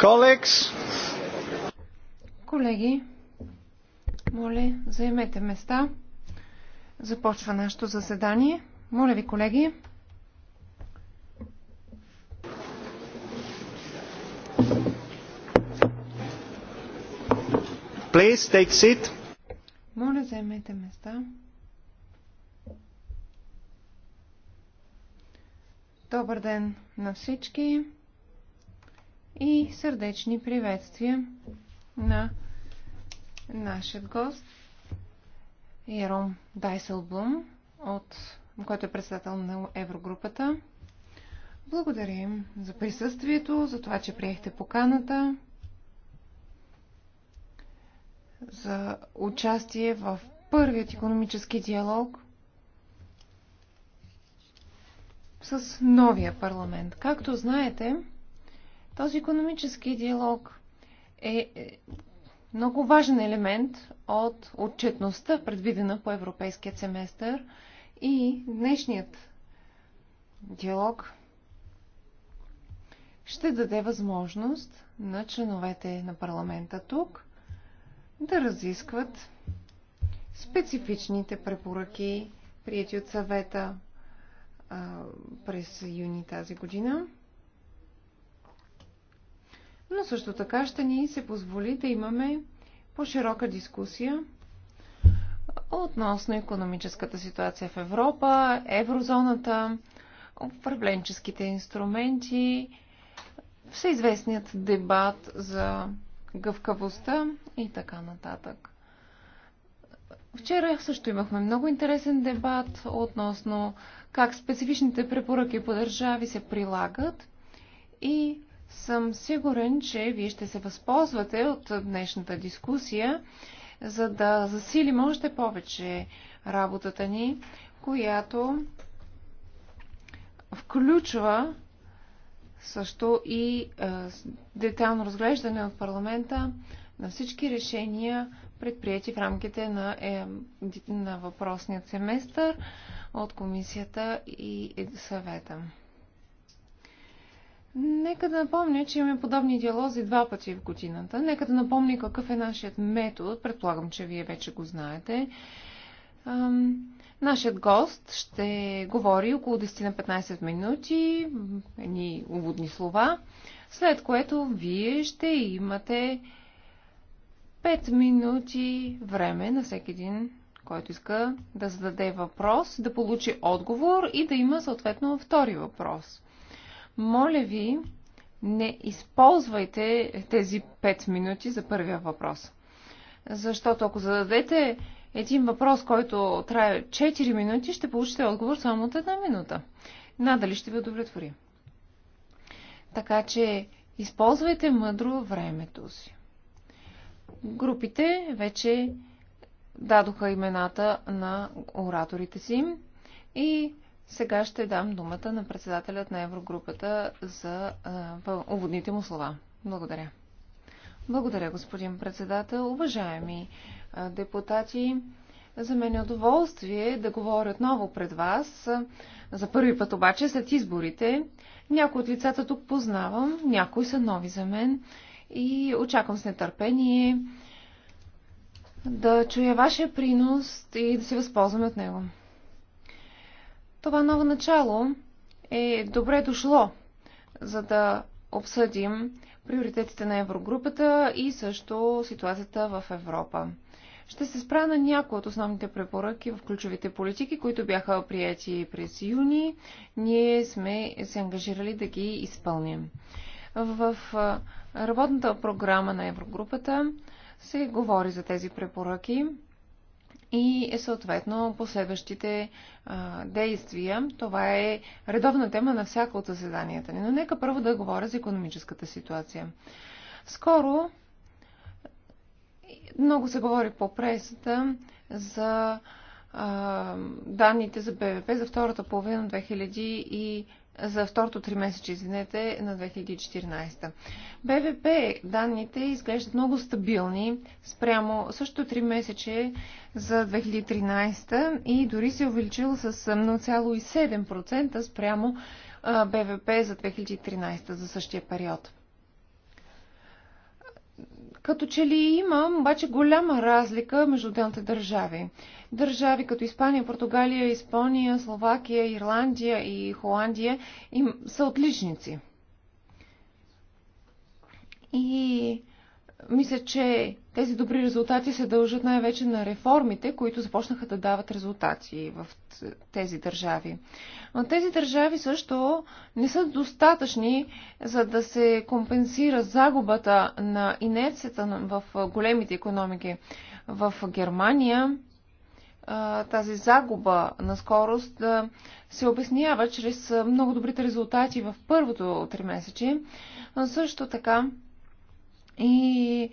Колекс. Колеги, моля, заемете места. Започва нашето заседание. Моля ви, колеги. Please take seat. Моля, заемете места. Добър ден на всички! и сърдечни приветствия на нашия гост Яром Дайселблум, от, който е председател на Еврогрупата. Благодарим за присъствието, за това, че приехте поканата, за участие в първият економически диалог – с новия парламент. Както знаете, този економически диалог е, е много важен елемент от отчетността, предвидена по европейският семестър и днешният диалог ще даде възможност на членовете на парламента тук да разискват специфичните препоръки, прияти от съвета през юни тази година – но също така ще ни се позволи да имаме по-широка дискусия относно економическата ситуация в Европа, еврозоната, управленческите инструменти, всеизвестният дебат за гъвкавостта и така нататък. Вчера също имахме много интересен дебат относно как специфичните препоръки по държави се прилагат и съм сигурен, че вие ще се възползвате от днешната дискусия, за да засилим още повече работата ни, която включва също и е, детално разглеждане от парламента на всички решения, предприяти в рамките на, е, на въпросният семестър от комисията и съвета. Нека да напомня, че имаме подобни диалози два пъти в годината. Нека да напомня какъв е нашият метод. Предполагам, че вие вече го знаете. нашият гост ще говори около 10 на 15 минути, едни уводни слова, след което вие ще имате 5 минути време на всеки един, който иска да зададе въпрос, да получи отговор и да има съответно втори въпрос – моля ви, не използвайте тези 5 минути за първия въпрос. Защото ако зададете един въпрос, който трае 4 минути, ще получите отговор само от една минута. Надали ще ви удовлетвори. Така че използвайте мъдро времето си. Групите вече дадоха имената на ораторите си и сега ще дам думата на председателят на Еврогрупата за уводните му слова. Благодаря. Благодаря, господин председател. Уважаеми депутати, за мен е удоволствие да говоря отново пред вас. За първи път обаче след изборите. Някои от лицата тук познавам, някои са нови за мен и очаквам с нетърпение да чуя вашия принос и да се възползваме от него. Това ново начало е добре дошло, за да обсъдим приоритетите на Еврогрупата и също ситуацията в Европа. Ще се спра на някои от основните препоръки в ключовите политики, които бяха прияти през юни. Ние сме се ангажирали да ги изпълним. В работната програма на Еврогрупата се говори за тези препоръки и съответно последващите а, действия. Това е редовна тема на всяко от заседанията ни. Но нека първо да говоря за економическата ситуация. Скоро много се говори по пресата за а, данните за БВП за втората половина 2015 за второто три месече, извинете, на 2014. БВП данните изглеждат много стабилни спрямо също три месече за 2013 и дори се е увеличил с 0,7% спрямо БВП за 2013 за същия период. Като че ли има обаче голяма разлика между отделните държави. Държави като Испания, Португалия, Испания, Словакия, Ирландия и Холандия им са отличници. И мисля, че тези добри резултати се дължат най-вече на реформите, които започнаха да дават резултати в тези държави. Но тези държави също не са достатъчни, за да се компенсира загубата на инерцията в големите економики. В Германия тази загуба на скорост се обяснява чрез много добрите резултати в първото тримесечие. Също така и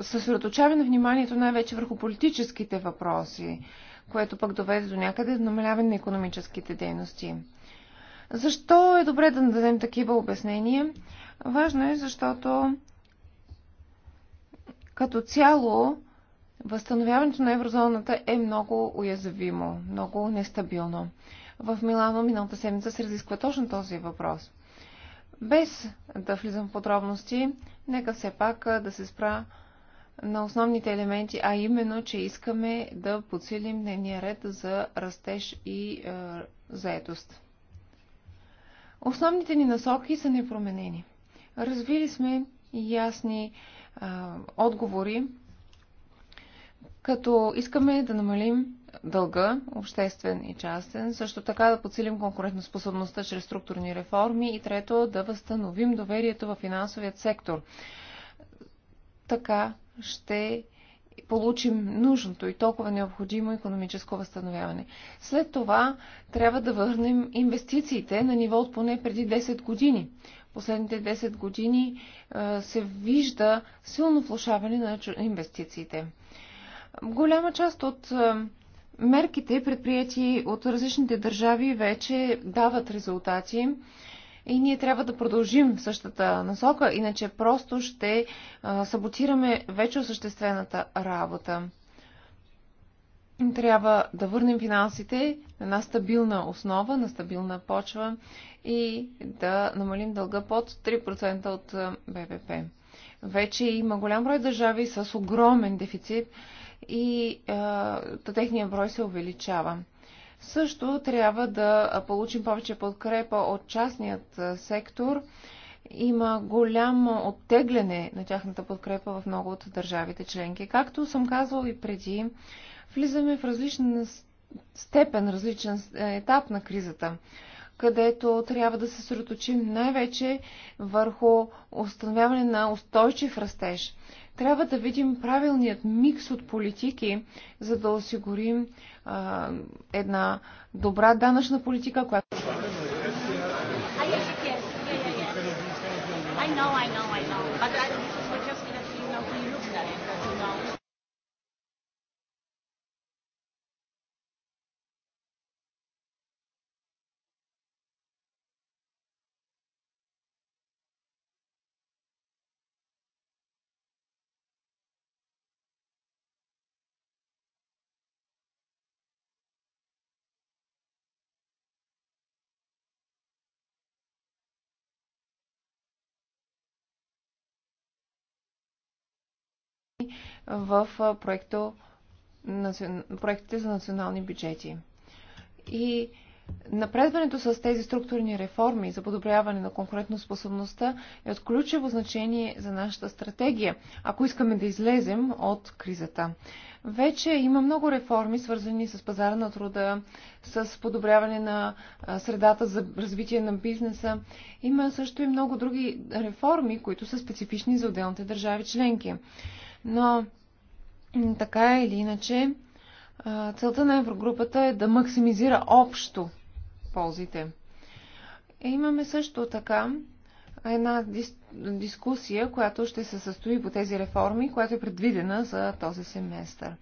съсредоточаване на вниманието най-вече върху политическите въпроси, което пък доведе до някъде до намаляване на економическите дейности. Защо е добре да дадем такива обяснения? Важно е, защото като цяло възстановяването на еврозоната е много уязвимо, много нестабилно. В Милано миналата седмица се разисква точно този въпрос – без да влизам в подробности, нека все пак да се спра на основните елементи, а именно, че искаме да подсилим дневния ред за растеж и е, заетост. Основните ни насоки са непроменени. Развили сме ясни е, отговори, като искаме да намалим дълга, обществен и частен, също така да подсилим конкурентоспособността чрез структурни реформи и трето да възстановим доверието в финансовият сектор. Така ще получим нужното и толкова необходимо економическо възстановяване. След това трябва да върнем инвестициите на ниво от поне преди 10 години. Последните 10 години се вижда силно влушаване на инвестициите. Голяма част от Мерките, предприяти от различните държави, вече дават резултати и ние трябва да продължим в същата насока, иначе просто ще саботираме вече осъществената работа. Трябва да върнем финансите на една стабилна основа, на стабилна почва и да намалим дълга под 3% от БВП. Вече има голям брой държави с огромен дефицит и а, техния брой се увеличава. Също трябва да получим повече подкрепа от частният сектор. Има голямо оттегляне на тяхната подкрепа в много от държавите членки. Както съм казвал и преди, влизаме в различна степен, различен е, етап на кризата, където трябва да се съсредоточим най-вече върху установяване на устойчив растеж – трябва да видим правилният микс от политики, за да осигурим а, една добра данъчна политика, която. в проекто, проектите за национални бюджети. И Напредването с тези структурни реформи за подобряване на конкурентоспособността е от ключово значение за нашата стратегия, ако искаме да излезем от кризата. Вече има много реформи, свързани с пазара на труда, с подобряване на средата за развитие на бизнеса. Има също и много други реформи, които са специфични за отделните държави членки. Но така или иначе, целта на Еврогрупата е да максимизира общо ползите. И е, имаме също така една дис, дискусия, която ще се състои по тези реформи, която е предвидена за този семестър.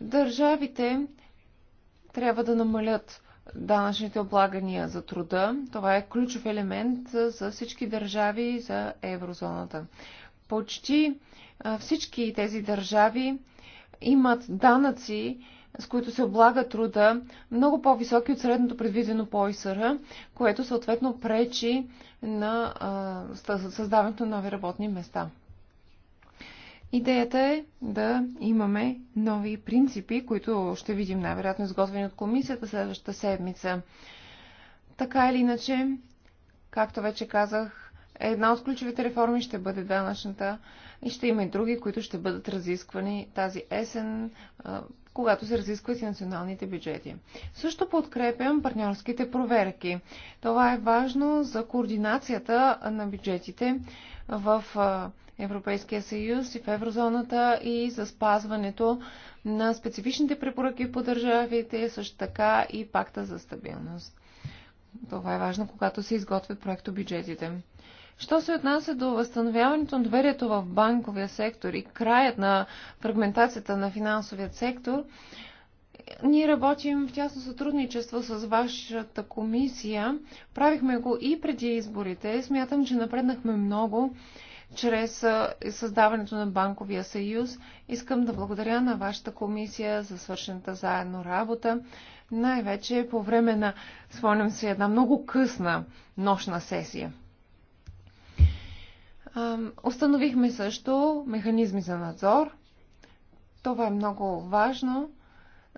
Държавите трябва да намалят данъчните облагания за труда. Това е ключов елемент за всички държави за еврозоната. Почти всички тези държави имат данъци, с които се облага труда, много по-високи от средното предвидено по ОИСР, което съответно пречи на създаването на нови работни места. Идеята е да имаме нови принципи, които ще видим най-вероятно изготвени от комисията следващата седмица. Така или иначе, както вече казах, Една от ключовите реформи ще бъде данъчната и ще има и други, които ще бъдат разисквани тази есен, когато се разискват и националните бюджети. Също подкрепям партньорските проверки. Това е важно за координацията на бюджетите в Европейския съюз и в еврозоната и за спазването на специфичните препоръки по държавите, също така и пакта за стабилност. Това е важно, когато се изготвят проекто бюджетите. Що се отнася до възстановяването на доверието в банковия сектор и краят на фрагментацията на финансовия сектор, ние работим в тясно сътрудничество с вашата комисия. Правихме го и преди изборите. Смятам, че напреднахме много чрез създаването на Банковия съюз. Искам да благодаря на вашата комисия за свършената заедно работа, най-вече по време на, спомням се, една много късна нощна сесия. Установихме също механизми за надзор. Това е много важно,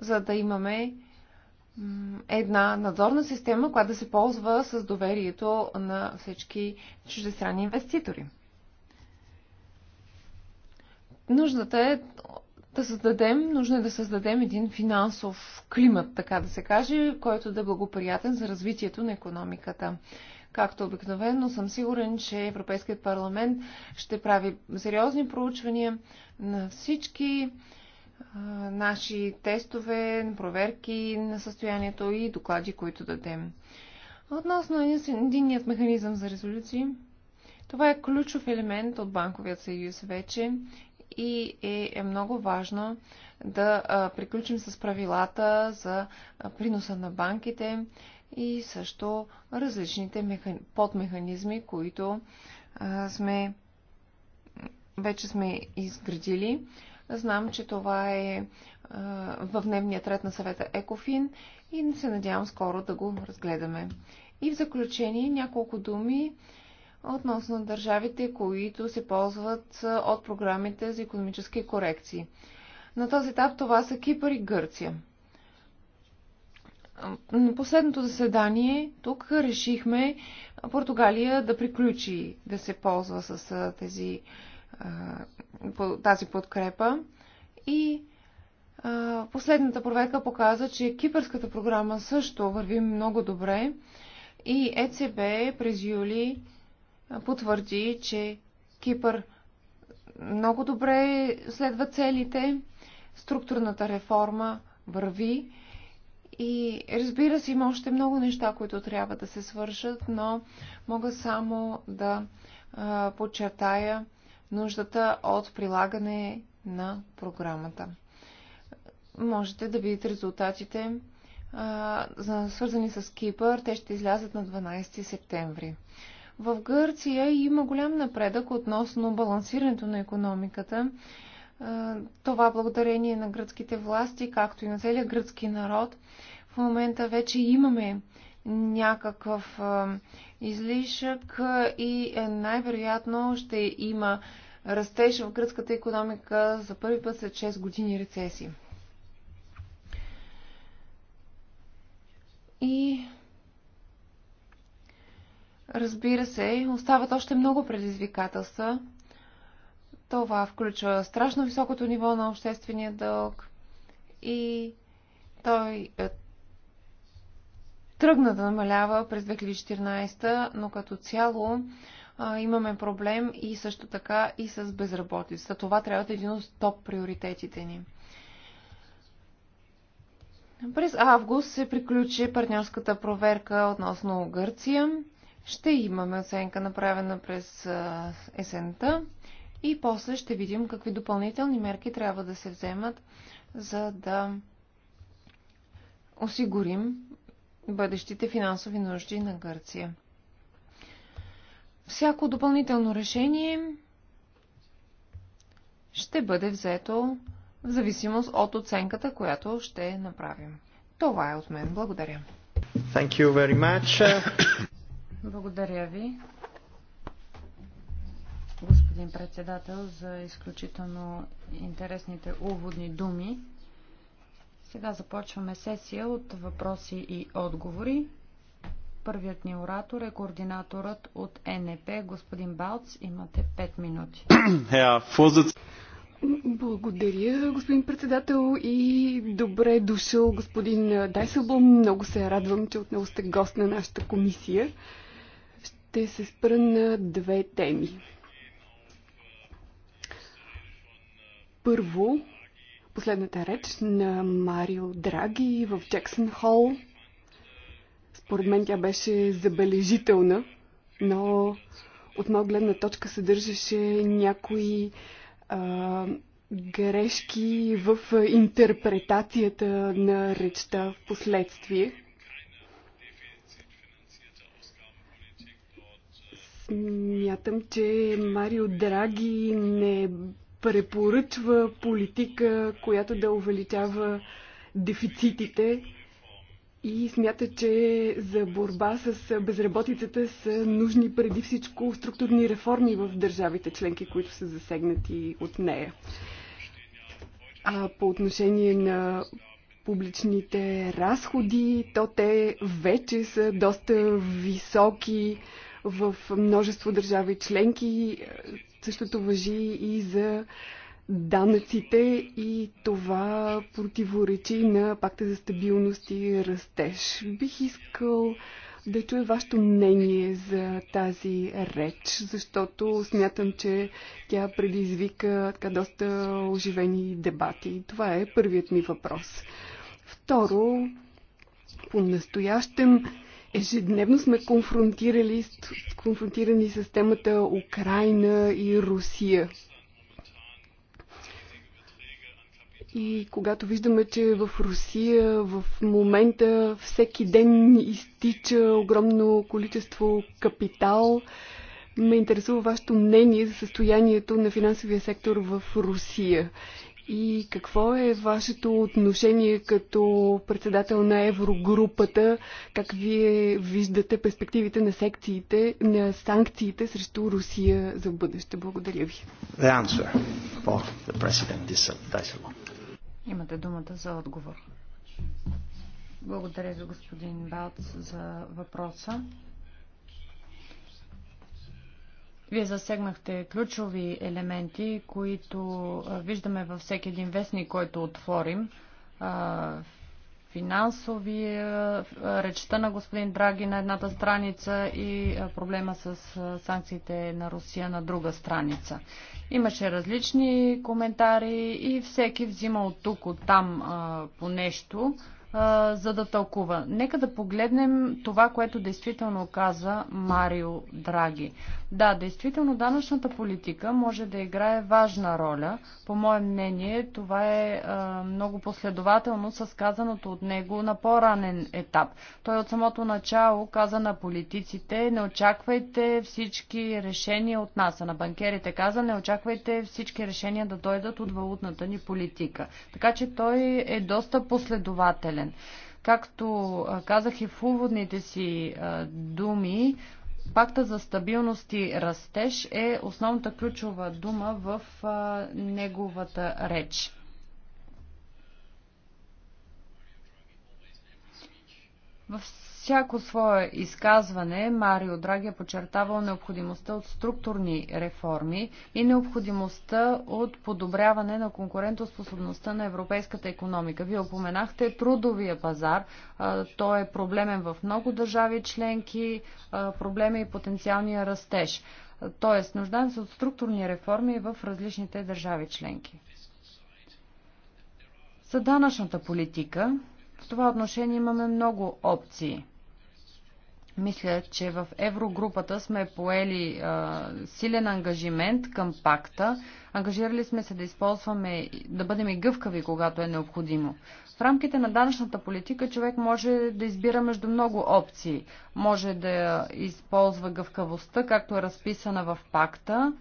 за да имаме една надзорна система, която да се ползва с доверието на всички чуждестранни инвеститори. Нуждата е да създадем, нужно е да създадем един финансов климат, така да се каже, който да е благоприятен за развитието на економиката. Както обикновено съм сигурен, че Европейският парламент ще прави сериозни проучвания на всички а, наши тестове, проверки на състоянието и доклади, които дадем. Относно единният механизъм за резолюции, това е ключов елемент от Банковият съюз вече и е, е много важно да приключим с правилата за приноса на банките и също различните подмеханизми, които а, сме вече сме изградили. Знам, че това е а, в дневния ред на съвета Екофин и се надявам скоро да го разгледаме. И в заключение няколко думи относно държавите, които се ползват от програмите за економически корекции. На този етап това са Кипър и Гърция. На последното заседание тук решихме Португалия да приключи да се ползва с тези, тази подкрепа и последната проверка показа, че кипърската програма също върви много добре и ЕЦБ през юли потвърди, че Кипър много добре следва целите, структурната реформа върви и разбира се, има още много неща, които трябва да се свършат, но мога само да а, подчертая нуждата от прилагане на програмата. Можете да видите резултатите, а, за, свързани с Кипър. Те ще излязат на 12 септември. В Гърция има голям напредък относно балансирането на економиката това благодарение на гръцките власти, както и на целият гръцки народ. В момента вече имаме някакъв излишък и е, най-вероятно ще има растеж в гръцката економика за първи път след 6 години рецесии. И разбира се, остават още много предизвикателства. Това включва страшно високото ниво на обществения дълг и той е тръгна да намалява през 2014, но като цяло а, имаме проблем и също така и с безработицата. Това трябва да е един от топ приоритетите ни. През август се приключи партньорската проверка относно Гърция. Ще имаме оценка направена през есента и после ще видим какви допълнителни мерки трябва да се вземат, за да осигурим бъдещите финансови нужди на Гърция. Всяко допълнително решение ще бъде взето в зависимост от оценката, която ще направим. Това е от мен. Благодаря. Thank you very much. Благодаря ви господин председател, за изключително интересните уводни думи. Сега започваме сесия от въпроси и отговори. Първият ни оратор е координаторът от НП, господин Балц. Имате 5 минути. Благодаря, господин председател и добре е дошъл господин Дайсълбом. Много се радвам, че отново сте гост на нашата комисия. Ще се спра на две теми. Първо, последната реч на Марио Драги в Джексон Хол. Според мен тя беше забележителна, но от моя гледна точка съдържаше някои а, грешки в интерпретацията на речта в последствие. Смятам, че Марио Драги не препоръчва политика, която да увеличава дефицитите и смята, че за борба с безработицата са нужни преди всичко структурни реформи в държавите членки, които са засегнати от нея. А по отношение на публичните разходи, то те вече са доста високи в множество държави членки. Същото въжи и за данъците и това противоречи на пакта за стабилност и растеж. Бих искал да чуя вашето мнение за тази реч, защото смятам, че тя предизвика така доста оживени дебати. Това е първият ми въпрос. Второ, по-настоящем Ежедневно сме конфронтирали, конфронтирани с темата Украина и Русия. И когато виждаме, че е в Русия в момента всеки ден изтича огромно количество капитал, ме интересува вашето мнение за състоянието на финансовия сектор в Русия и какво е вашето отношение като председател на Еврогрупата? Как вие виждате перспективите на секциите, на санкциите срещу Русия за бъдеще? Благодаря ви. Имате думата за отговор. Благодаря за господин Балц за въпроса. Вие засегнахте ключови елементи, които виждаме във всеки един вестник, който отворим. Финансови речта на господин Драги на едната страница и проблема с санкциите на Русия на друга страница. Имаше различни коментари и всеки взима от тук, от там по нещо за да тълкува. Нека да погледнем това, което действително каза Марио Драги. Да, действително данъчната политика може да играе важна роля. По мое мнение, това е, е много последователно с казаното от него на по-ранен етап. Той от самото начало каза на политиците, не очаквайте всички решения от нас, а на банкерите каза, не очаквайте всички решения да дойдат от валутната ни политика. Така че той е доста последователен. Както казах и в уводните си думи, Пакта за стабилност и растеж е основната ключова дума в а, неговата реч. В всяко свое изказване Марио Драги е подчертавал необходимостта от структурни реформи и необходимостта от подобряване на конкурентоспособността на европейската економика. Вие опоменахте трудовия пазар. Той е проблемен в много държави членки, проблеми и потенциалния растеж. Тоест, нуждаем се от структурни реформи в различните държави членки. За данъчната политика в това отношение имаме много опции. Мисля, че в Еврогрупата сме поели а, силен ангажимент към пакта. Ангажирали сме се да използваме, да бъдем и гъвкави, когато е необходимо. В рамките на данъчната политика човек може да избира между много опции. Може да използва гъвкавостта, както е разписана в пакта.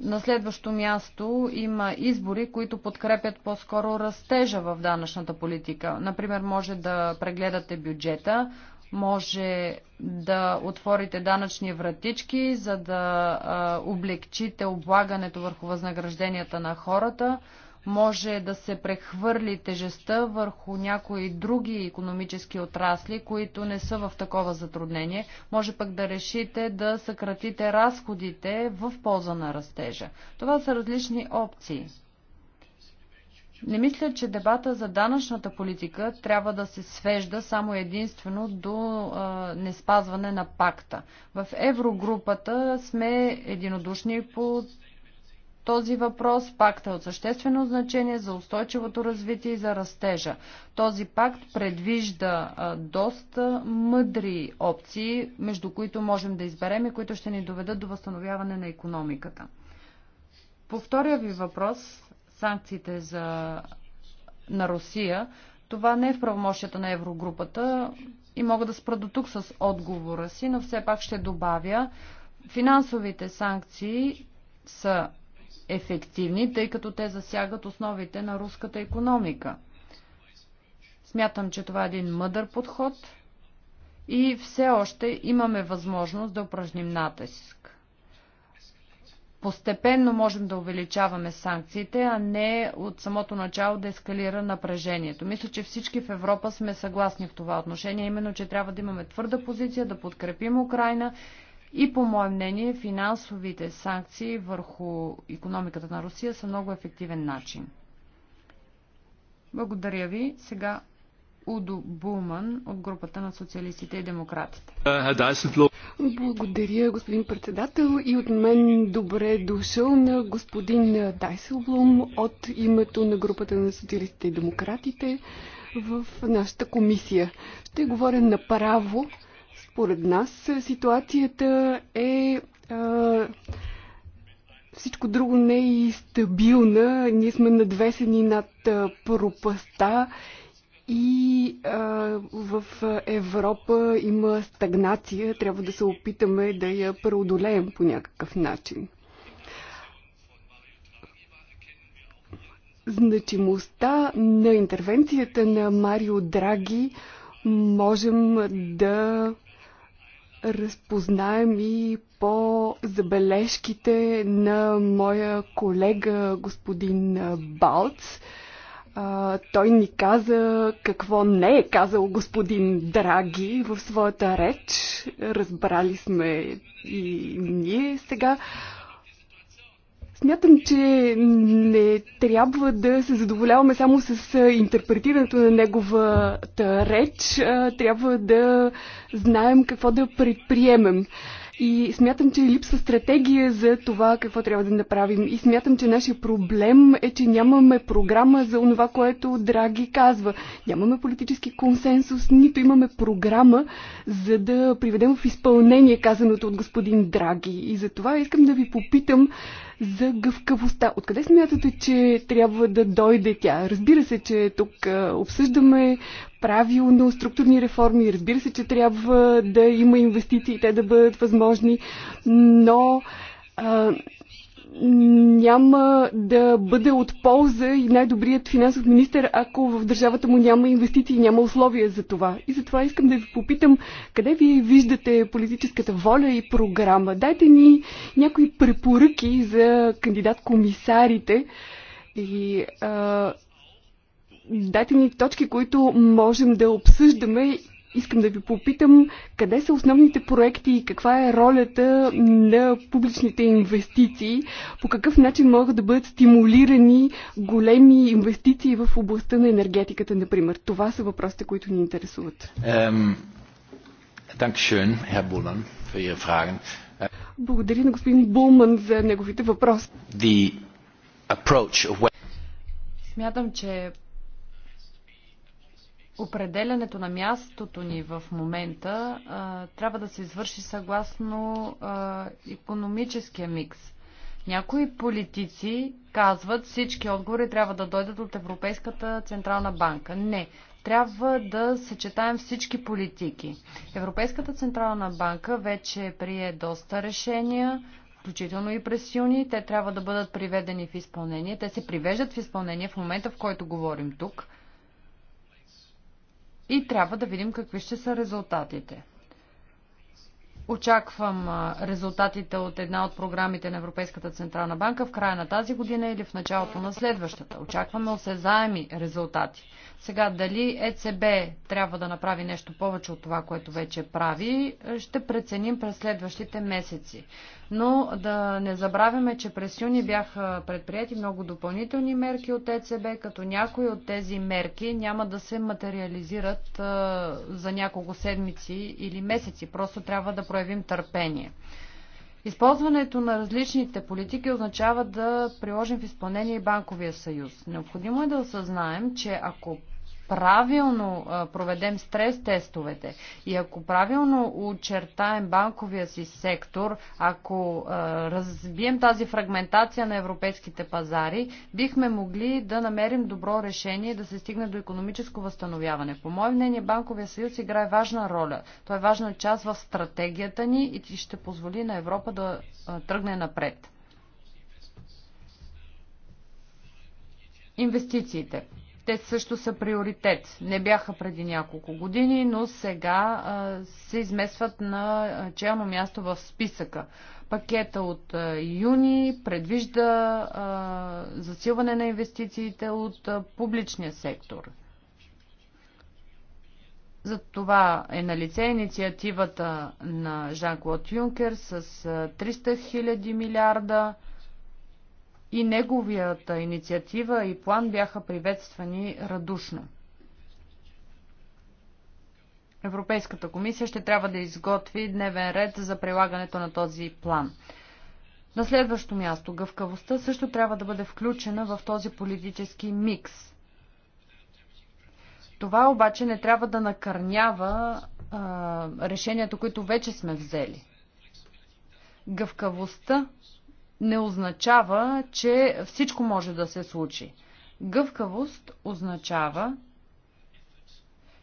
На следващо място има избори, които подкрепят по-скоро растежа в данъчната политика. Например, може да прегледате бюджета, може да отворите данъчни вратички, за да а, облегчите облагането върху възнагражденията на хората, може да се прехвърли тежестта върху някои други економически отрасли, които не са в такова затруднение. Може пък да решите да съкратите разходите в полза на растежа. Това са различни опции. Не мисля, че дебата за данъчната политика трябва да се свежда само единствено до а, неспазване на пакта. В еврогрупата сме единодушни по този въпрос. Пакта е от съществено значение за устойчивото развитие и за растежа. Този пакт предвижда а, доста мъдри опции, между които можем да изберем и които ще ни доведат до възстановяване на економиката. По втория ви въпрос, санкциите за... на Русия, това не е в правомощията на Еврогрупата и мога да спра до тук с отговора си, но все пак ще добавя, финансовите санкции са ефективни, тъй като те засягат основите на руската економика. Смятам, че това е един мъдър подход и все още имаме възможност да упражним натиск. Постепенно можем да увеличаваме санкциите, а не от самото начало да ескалира напрежението. Мисля, че всички в Европа сме съгласни в това отношение, именно, че трябва да имаме твърда позиция, да подкрепим Украина и по мое мнение финансовите санкции върху економиката на Русия са много ефективен начин. Благодаря ви. Сега Удо Буман от групата на социалистите и демократите. Благодаря, господин председател. И от мен добре дошъл на господин Дайселблум от името на групата на социалистите и демократите в нашата комисия. Ще говоря направо. Според нас ситуацията е а, всичко друго не е и стабилна. Ние сме надвесени над пропаста и а, в Европа има стагнация, трябва да се опитаме да я преодолеем по някакъв начин. Значимостта на интервенцията на Марио Драги можем да разпознаем и по забележките на моя колега господин Балц а, той ни каза какво не е казал господин Драги в своята реч. Разбрали сме и ние сега. Смятам, че не трябва да се задоволяваме само с интерпретирането на неговата реч. Трябва да знаем какво да предприемем. И смятам, че липсва стратегия за това какво трябва да направим. И смятам, че нашия проблем е, че нямаме програма за това, което Драги казва. Нямаме политически консенсус, нито имаме програма, за да приведем в изпълнение казаното от господин Драги. И за това искам да ви попитам за гъвкавостта. Откъде смятате, че трябва да дойде тя? Разбира се, че тук обсъждаме правилно структурни реформи. Разбира се, че трябва да има инвестиции, те да бъдат възможни, но а, няма да бъде от полза и най-добрият финансов министр, ако в държавата му няма инвестиции, няма условия за това. И затова искам да ви попитам, къде вие виждате политическата воля и програма? Дайте ни някои препоръки за кандидат-комисарите и а, дайте ни точки, които можем да обсъждаме искам да ви попитам къде са основните проекти и каква е ролята на публичните инвестиции, по какъв начин могат да бъдат стимулирани големи инвестиции в областта на енергетиката, например. Това са въпросите, които ни интересуват. Ihre Fragen. Е, Благодаря на господин Булман за неговите въпроси. Of... Смятам, че Определенето на мястото ни в момента а, трябва да се извърши съгласно а, економическия микс. Някои политици казват, всички отговори трябва да дойдат от Европейската Централна банка. Не, трябва да съчетаем всички политики. Европейската Централна банка вече прие доста решения, включително и през юни. Те трябва да бъдат приведени в изпълнение. Те се привеждат в изпълнение в момента, в който говорим тук – и трябва да видим какви ще са резултатите. Очаквам резултатите от една от програмите на Европейската Централна банка в края на тази година или в началото на следващата. Очакваме осезаеми резултати. Сега дали ЕЦБ трябва да направи нещо повече от това, което вече прави, ще преценим през следващите месеци но да не забравяме, че през юни бяха предприяти много допълнителни мерки от ЕЦБ, като някои от тези мерки няма да се материализират за няколко седмици или месеци. Просто трябва да проявим търпение. Използването на различните политики означава да приложим в изпълнение и банковия съюз. Необходимо е да осъзнаем, че ако правилно проведем стрес тестовете и ако правилно очертаем банковия си сектор, ако разбием тази фрагментация на европейските пазари, бихме могли да намерим добро решение да се стигне до економическо възстановяване. По мое мнение, Банковия съюз играе важна роля. Той е важна част в стратегията ни и ще позволи на Европа да тръгне напред. Инвестициите. Те също са приоритет. Не бяха преди няколко години, но сега а, се изместват на челно място в списъка. Пакета от а, юни предвижда а, засилване на инвестициите от а, публичния сектор. За това е на лице инициативата на Жан-Клод Юнкер с 300 000 милиарда и неговията инициатива и план бяха приветствани радушно. Европейската комисия ще трябва да изготви дневен ред за прилагането на този план. На следващо място, гъвкавостта също трябва да бъде включена в този политически микс. Това обаче не трябва да накърнява а, решението, които вече сме взели. Гъвкавостта не означава, че всичко може да се случи. Гъвкавост означава,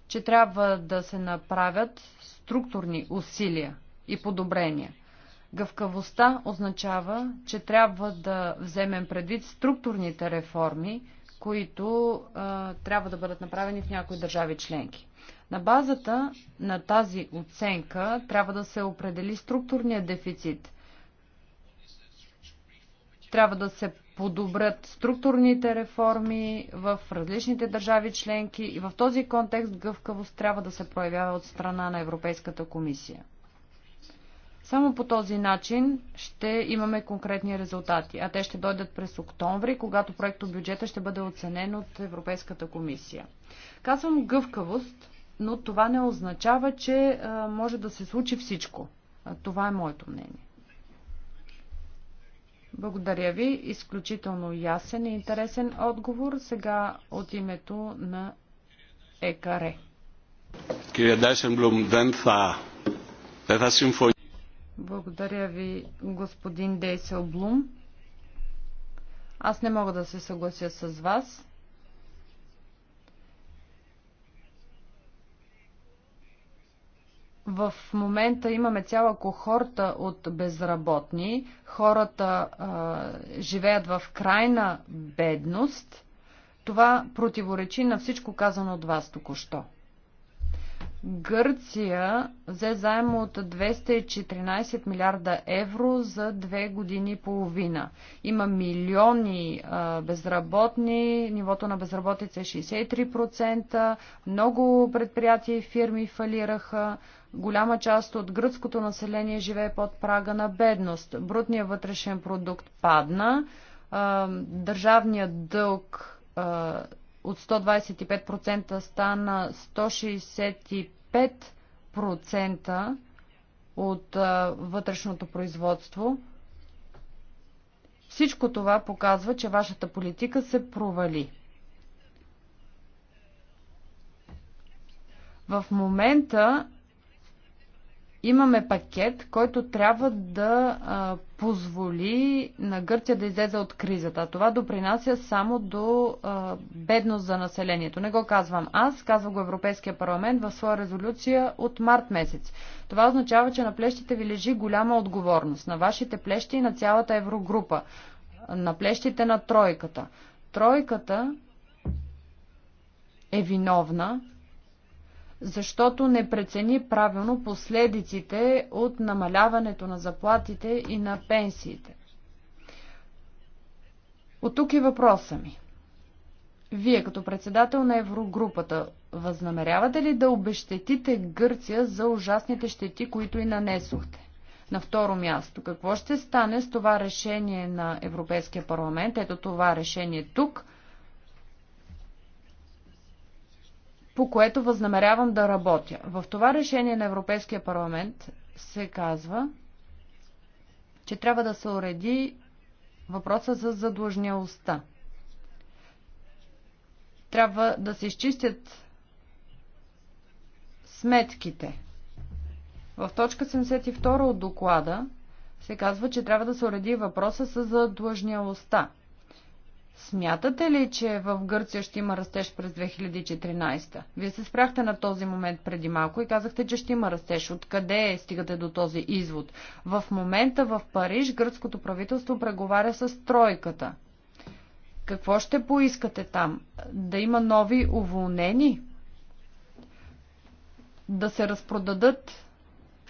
че трябва да се направят структурни усилия и подобрения. Гъвкавостта означава, че трябва да вземем предвид структурните реформи, които а, трябва да бъдат направени в някои държави членки. На базата на тази оценка трябва да се определи структурния дефицит, трябва да се подобрят структурните реформи в различните държави членки и в този контекст гъвкавост трябва да се проявява от страна на Европейската комисия. Само по този начин ще имаме конкретни резултати, а те ще дойдат през октомври, когато проекто бюджета ще бъде оценен от Европейската комисия. Казвам гъвкавост, но това не означава, че може да се случи всичко. Това е моето мнение. Благодаря ви. Изключително ясен и интересен отговор. Сега от името на ЕКАРЕ. Е, Благодаря ви, господин Дейсел Блум. Аз не мога да се съглася с вас. В момента имаме цяла кохорта от безработни. Хората а, живеят в крайна бедност. Това противоречи на всичко казано от вас току-що. Гърция взе заем от 214 милиарда евро за две години и половина. Има милиони а, безработни, нивото на безработица е 63%, много предприятия и фирми фалираха, Голяма част от гръцкото население живее под прага на бедност. Брутният вътрешен продукт падна. Държавният дълг от 125% стана 165% от вътрешното производство. Всичко това показва, че вашата политика се провали. В момента имаме пакет, който трябва да а, позволи на Гърция да излезе от кризата. това допринася само до а, бедност за населението. Не го казвам аз, казва го Европейския парламент в своя резолюция от март месец. Това означава, че на плещите ви лежи голяма отговорност. На вашите плещи и на цялата еврогрупа. На плещите на тройката. Тройката е виновна защото не прецени правилно последиците от намаляването на заплатите и на пенсиите. От тук и въпроса ми. Вие като председател на Еврогрупата, възнамерявате ли да обещетите Гърция за ужасните щети, които и нанесохте? На второ място, какво ще стане с това решение на Европейския парламент, ето това решение тук, по което възнамерявам да работя. В това решение на Европейския парламент се казва, че трябва да се уреди въпроса за задлъжнялостта. Трябва да се изчистят сметките. В точка 72 от доклада се казва, че трябва да се уреди въпроса с задлъжнялостта. Смятате ли, че в Гърция ще има растеж през 2014? Вие се спряхте на този момент преди малко и казахте, че ще има растеж. Откъде стигате до този извод? В момента в Париж гръцкото правителство преговаря с тройката. Какво ще поискате там? Да има нови уволнени? Да се разпродадат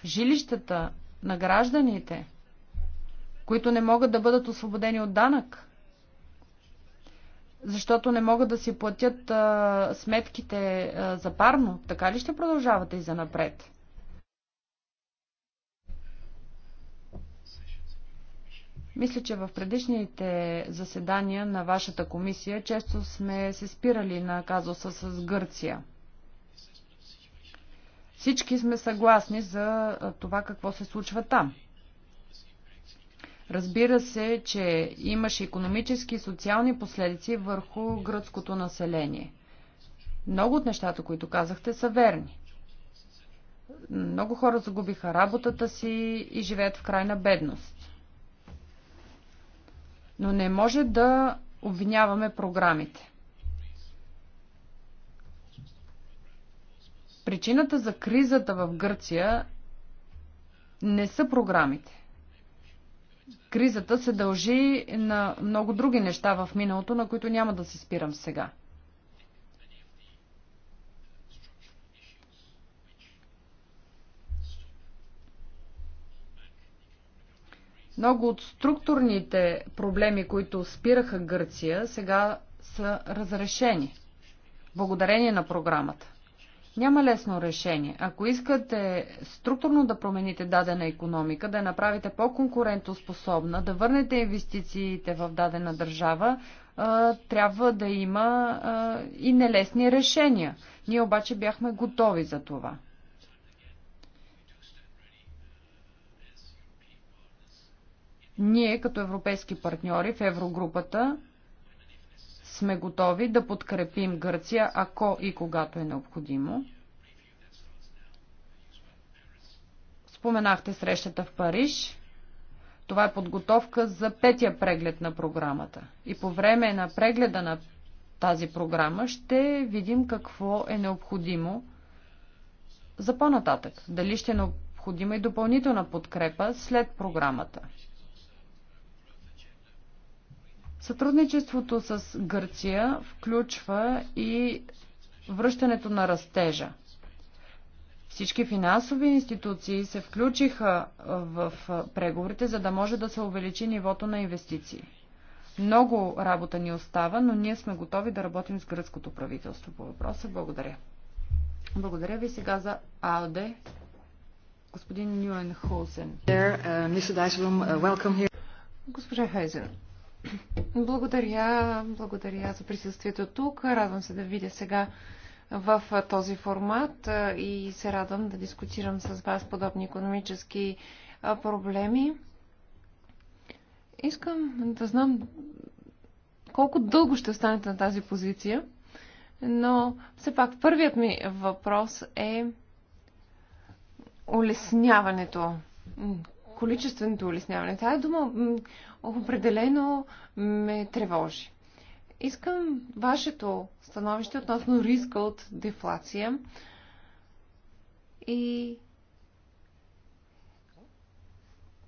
жилищата на гражданите, които не могат да бъдат освободени от данък? защото не могат да си платят а, сметките а, за парно. Така ли ще продължавате и за напред? Мисля, че в предишните заседания на вашата комисия често сме се спирали на казуса с Гърция. Всички сме съгласни за това какво се случва там. Разбира се, че имаше економически и социални последици върху гръцкото население. Много от нещата, които казахте, са верни. Много хора загубиха работата си и живеят в крайна бедност. Но не може да обвиняваме програмите. Причината за кризата в Гърция не са програмите. Кризата се дължи на много други неща в миналото, на които няма да се спирам сега. Много от структурните проблеми, които спираха Гърция, сега са разрешени благодарение на програмата. Няма лесно решение. Ако искате структурно да промените дадена економика, да я направите по-конкурентоспособна, да върнете инвестициите в дадена държава, трябва да има и нелесни решения. Ние обаче бяхме готови за това. Ние като европейски партньори в Еврогрупата сме готови да подкрепим Гърция, ако и когато е необходимо. Споменахте срещата в Париж. Това е подготовка за петия преглед на програмата. И по време на прегледа на тази програма ще видим какво е необходимо за по-нататък. Дали ще е необходима и допълнителна подкрепа след програмата. Сътрудничеството с Гърция включва и връщането на растежа. Всички финансови институции се включиха в преговорите, за да може да се увеличи нивото на инвестиции. Много работа ни остава, но ние сме готови да работим с гръцкото правителство по въпроса. Благодаря. Благодаря ви сега за АЛДЕ. Господин Нюен Хоусен. Uh, uh, Госпожа Хайзен, благодаря, благодаря за присъствието тук. Радвам се да видя сега в този формат и се радвам да дискутирам с вас подобни економически проблеми. Искам да знам колко дълго ще останете на тази позиция, но все пак първият ми въпрос е улесняването количественото улесняване. Тая дума определено ме тревожи. Искам вашето становище относно риска от дефлация и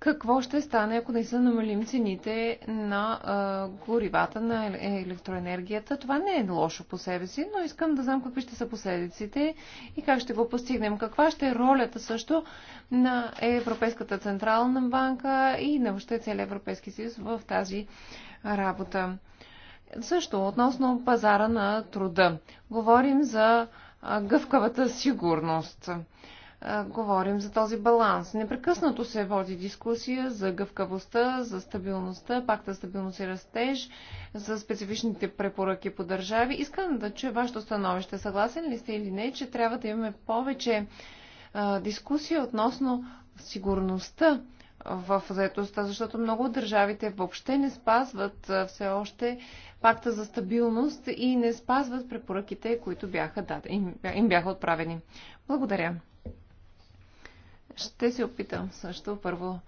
какво ще стане, ако не са намалим цените на а, горивата, на електроенергията. Това не е лошо по себе си, но искам да знам какви ще са последиците и как ще го постигнем. Каква ще е ролята също на Европейската централна банка и на въобще целия Европейски съюз в тази работа. Също относно пазара на труда. Говорим за гъвкавата сигурност говорим за този баланс. Непрекъснато се води дискусия за гъвкавостта, за стабилността, пакта стабилност и растеж, за специфичните препоръки по държави. Искам да чуя вашето становище. Съгласен ли сте или не, че трябва да имаме повече а, дискусия относно сигурността в заедостта, защото много от държавите въобще не спазват все още пакта за стабилност и не спазват препоръките, които бяха дадени, им бяха отправени. Благодаря. Ще се опитам също първо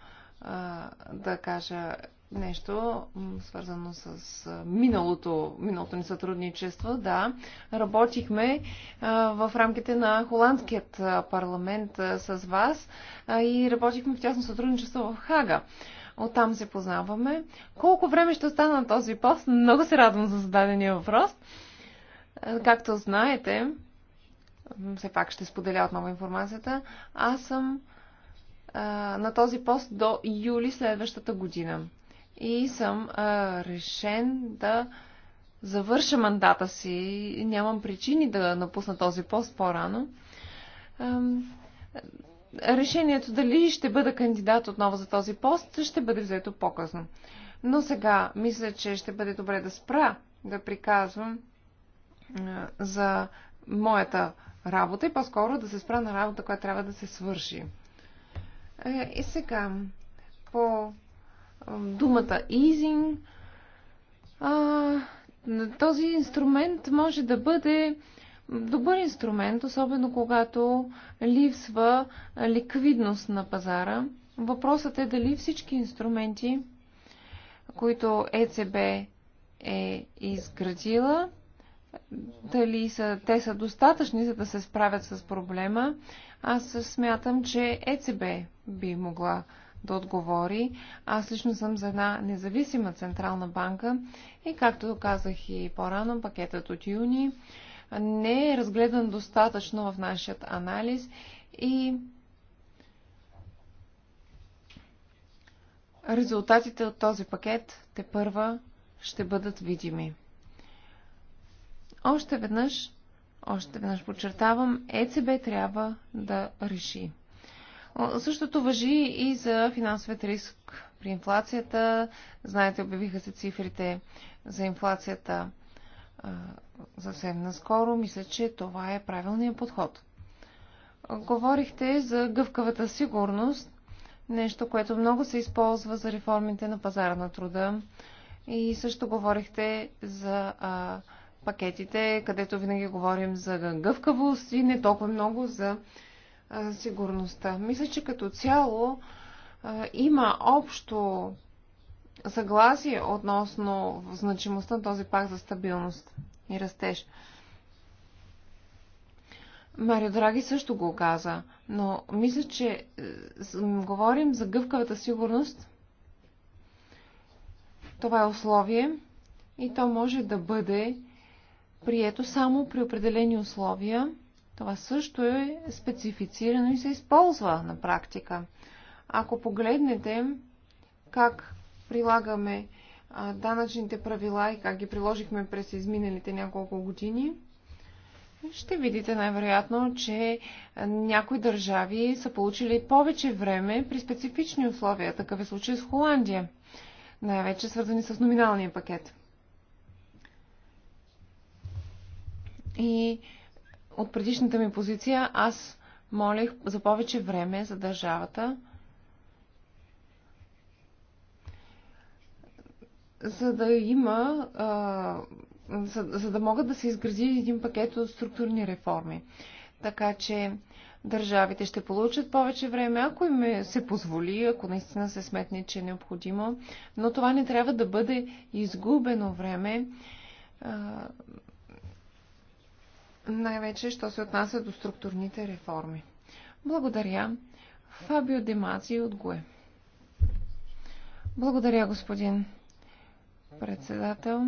а, да кажа нещо, свързано с миналото, миналото ни сътрудничество. Да, работихме в рамките на Холандският парламент с вас и работихме в тясно сътрудничество в Хага. Оттам се познаваме. Колко време ще остана на този пост? Много се радвам за зададения въпрос. Както знаете, все пак ще споделя отново информацията, аз съм на този пост до юли следващата година. И съм решен да завърша мандата си. Нямам причини да напусна този пост по-рано. Решението дали ще бъда кандидат отново за този пост ще бъде взето по-късно. Но сега мисля, че ще бъде добре да спра да приказвам за моята работа и по-скоро да се спра на работа, която трябва да се свърши. Е, и сега, по думата easing, този инструмент може да бъде добър инструмент, особено когато липсва ликвидност на пазара. Въпросът е дали всички инструменти, които ЕЦБ е изградила, дали са, те са достатъчни, за да се справят с проблема, аз смятам, че ЕЦБ би могла да отговори. Аз лично съм за една независима централна банка и както казах и по-рано, пакетът от юни не е разгледан достатъчно в нашия анализ и резултатите от този пакет те първа ще бъдат видими. Още веднъж, още веднъж подчертавам, ЕЦБ трябва да реши. Същото въжи и за финансовият риск при инфлацията. Знаете, обявиха се цифрите за инфлацията съвсем наскоро. Мисля, че това е правилният подход. Говорихте за гъвкавата сигурност, нещо, което много се използва за реформите на пазара на труда. И също говорихте за а, пакетите, където винаги говорим за гъвкавост и не толкова много за сигурността. Мисля, че като цяло има общо съгласие относно значимостта на този пак за стабилност и растеж. Марио Драги също го каза, но мисля, че е, говорим за гъвкавата сигурност. Това е условие и то може да бъде прието само при определени условия. Това също е специфицирано и се използва на практика. Ако погледнете как прилагаме данъчните правила и как ги приложихме през изминалите няколко години, ще видите най-вероятно, че някои държави са получили повече време при специфични условия. Такъв е случай с Холандия, най-вече свързани с номиналния пакет. И от предишната ми позиция аз молих за повече време за държавата, за да има, а, за, за да могат да се изгради един пакет от структурни реформи. Така че държавите ще получат повече време, ако им е, се позволи, ако наистина се сметне, че е необходимо. Но това не трябва да бъде изгубено време. А, най-вече, що се отнася до структурните реформи. Благодаря. Фабио Демаци от ГУЕ. Благодаря, господин председател.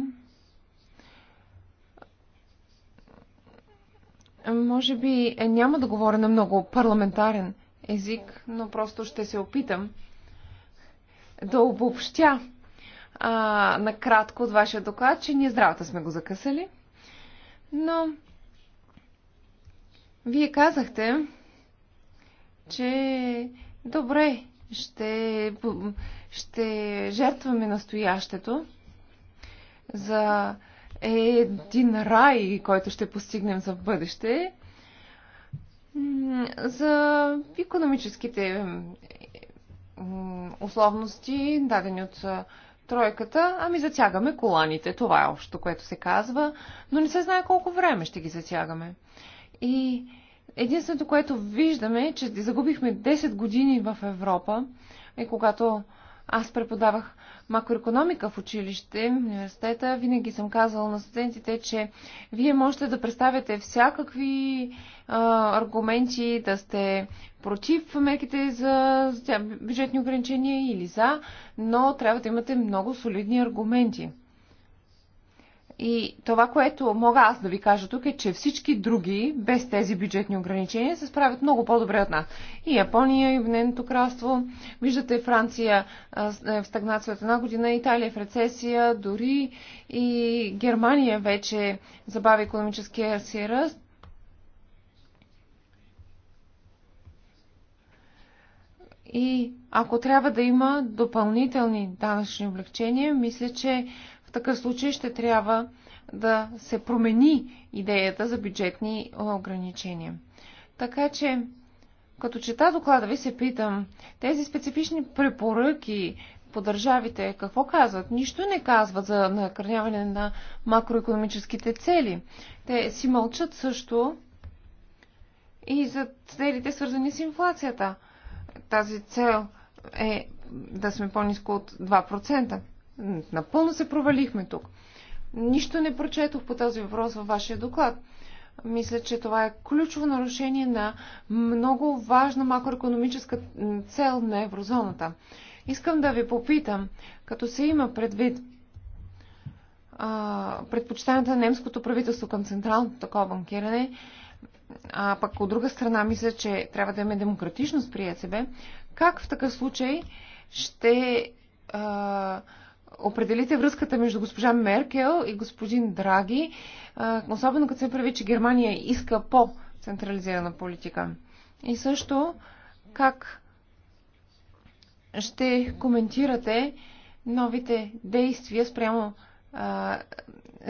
Може би няма да говоря на много парламентарен език, но просто ще се опитам да обобщя а, накратко от вашия доклад, че ние здравата сме го закъсали. Но вие казахте, че добре, ще, ще жертваме настоящето за един рай, който ще постигнем за бъдеще, за економическите условности, дадени от тройката, ами затягаме коланите. Това е общо, което се казва, но не се знае колко време ще ги затягаме. И единственото, което виждаме, е, че загубихме 10 години в Европа, и е когато аз преподавах макроекономика в училище, в университета, винаги съм казвала на студентите, че вие можете да представяте всякакви а, аргументи, да сте против мерките за бюджетни ограничения или за, но трябва да имате много солидни аргументи. И това, което мога аз да ви кажа тук е, че всички други, без тези бюджетни ограничения, се справят много по-добре от нас. И Япония, и Обединеното кралство, виждате Франция е, в стагнация от една година, Италия в рецесия, дори и Германия вече забави економическия си ръст. И ако трябва да има допълнителни данъчни облегчения, мисля, че такъв случай ще трябва да се промени идеята за бюджетни ограничения. Така че, като чета доклада ви се питам, тези специфични препоръки по държавите какво казват? Нищо не казват за накърняване на макроекономическите цели. Те си мълчат също и за целите свързани с инфлацията. Тази цел е да сме по-низко от 2%. Напълно се провалихме тук. Нищо не прочетох по този въпрос във вашия доклад. Мисля, че това е ключово нарушение на много важна макроекономическа цел на еврозоната. Искам да ви попитам, като се има предвид предпочитанията на немското правителство към централното такова банкиране, а пък от друга страна мисля, че трябва да имаме демократичност при ЕЦБ, как в такъв случай ще а, определите връзката между госпожа Меркел и господин Драги, особено като се прави, че Германия иска по-централизирана политика. И също как ще коментирате новите действия спрямо а,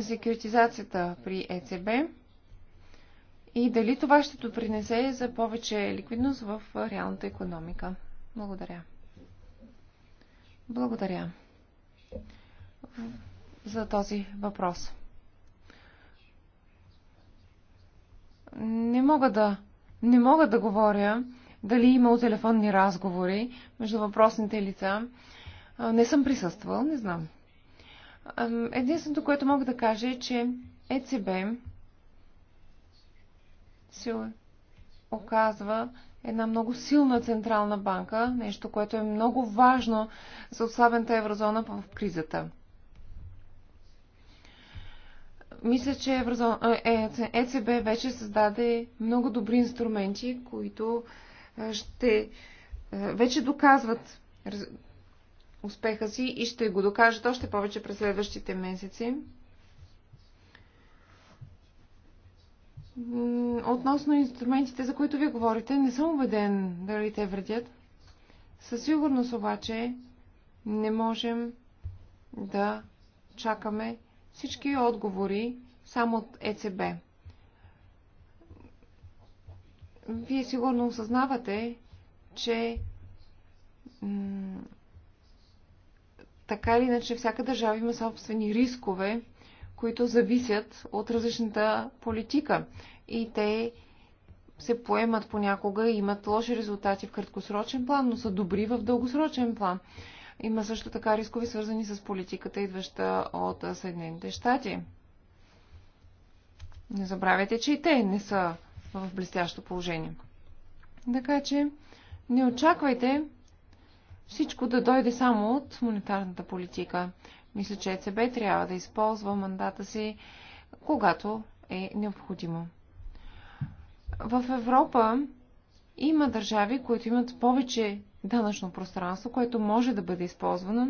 секюритизацията при ЕЦБ и дали това ще допринесе за повече ликвидност в реалната економика. Благодаря. Благодаря за този въпрос. Не мога да, не мога да говоря дали имал телефонни разговори между въпросните лица. Не съм присъствал, не знам. Единственото, което мога да кажа е, че ЕЦБ се оказва една много силна централна банка, нещо, което е много важно за отслабената еврозона в кризата мисля, че е, ЕЦБ вече създаде много добри инструменти, които ще вече доказват успеха си и ще го докажат още повече през следващите месеци. Относно инструментите, за които вие говорите, не съм убеден дали те вредят. Със сигурност обаче не можем да чакаме всички отговори само от ЕЦБ. Вие сигурно осъзнавате, че така или иначе всяка държава има собствени рискове, които зависят от различната политика. И те се поемат понякога и имат лоши резултати в краткосрочен план, но са добри в дългосрочен план. Има също така рискови, свързани с политиката, идваща от Съединените щати. Не забравяйте, че и те не са в блестящо положение. Така че не очаквайте всичко да дойде само от монетарната политика. Мисля, че ЕЦБ трябва да използва мандата си, когато е необходимо. В Европа има държави, които имат повече данъчно пространство, което може да бъде използвано.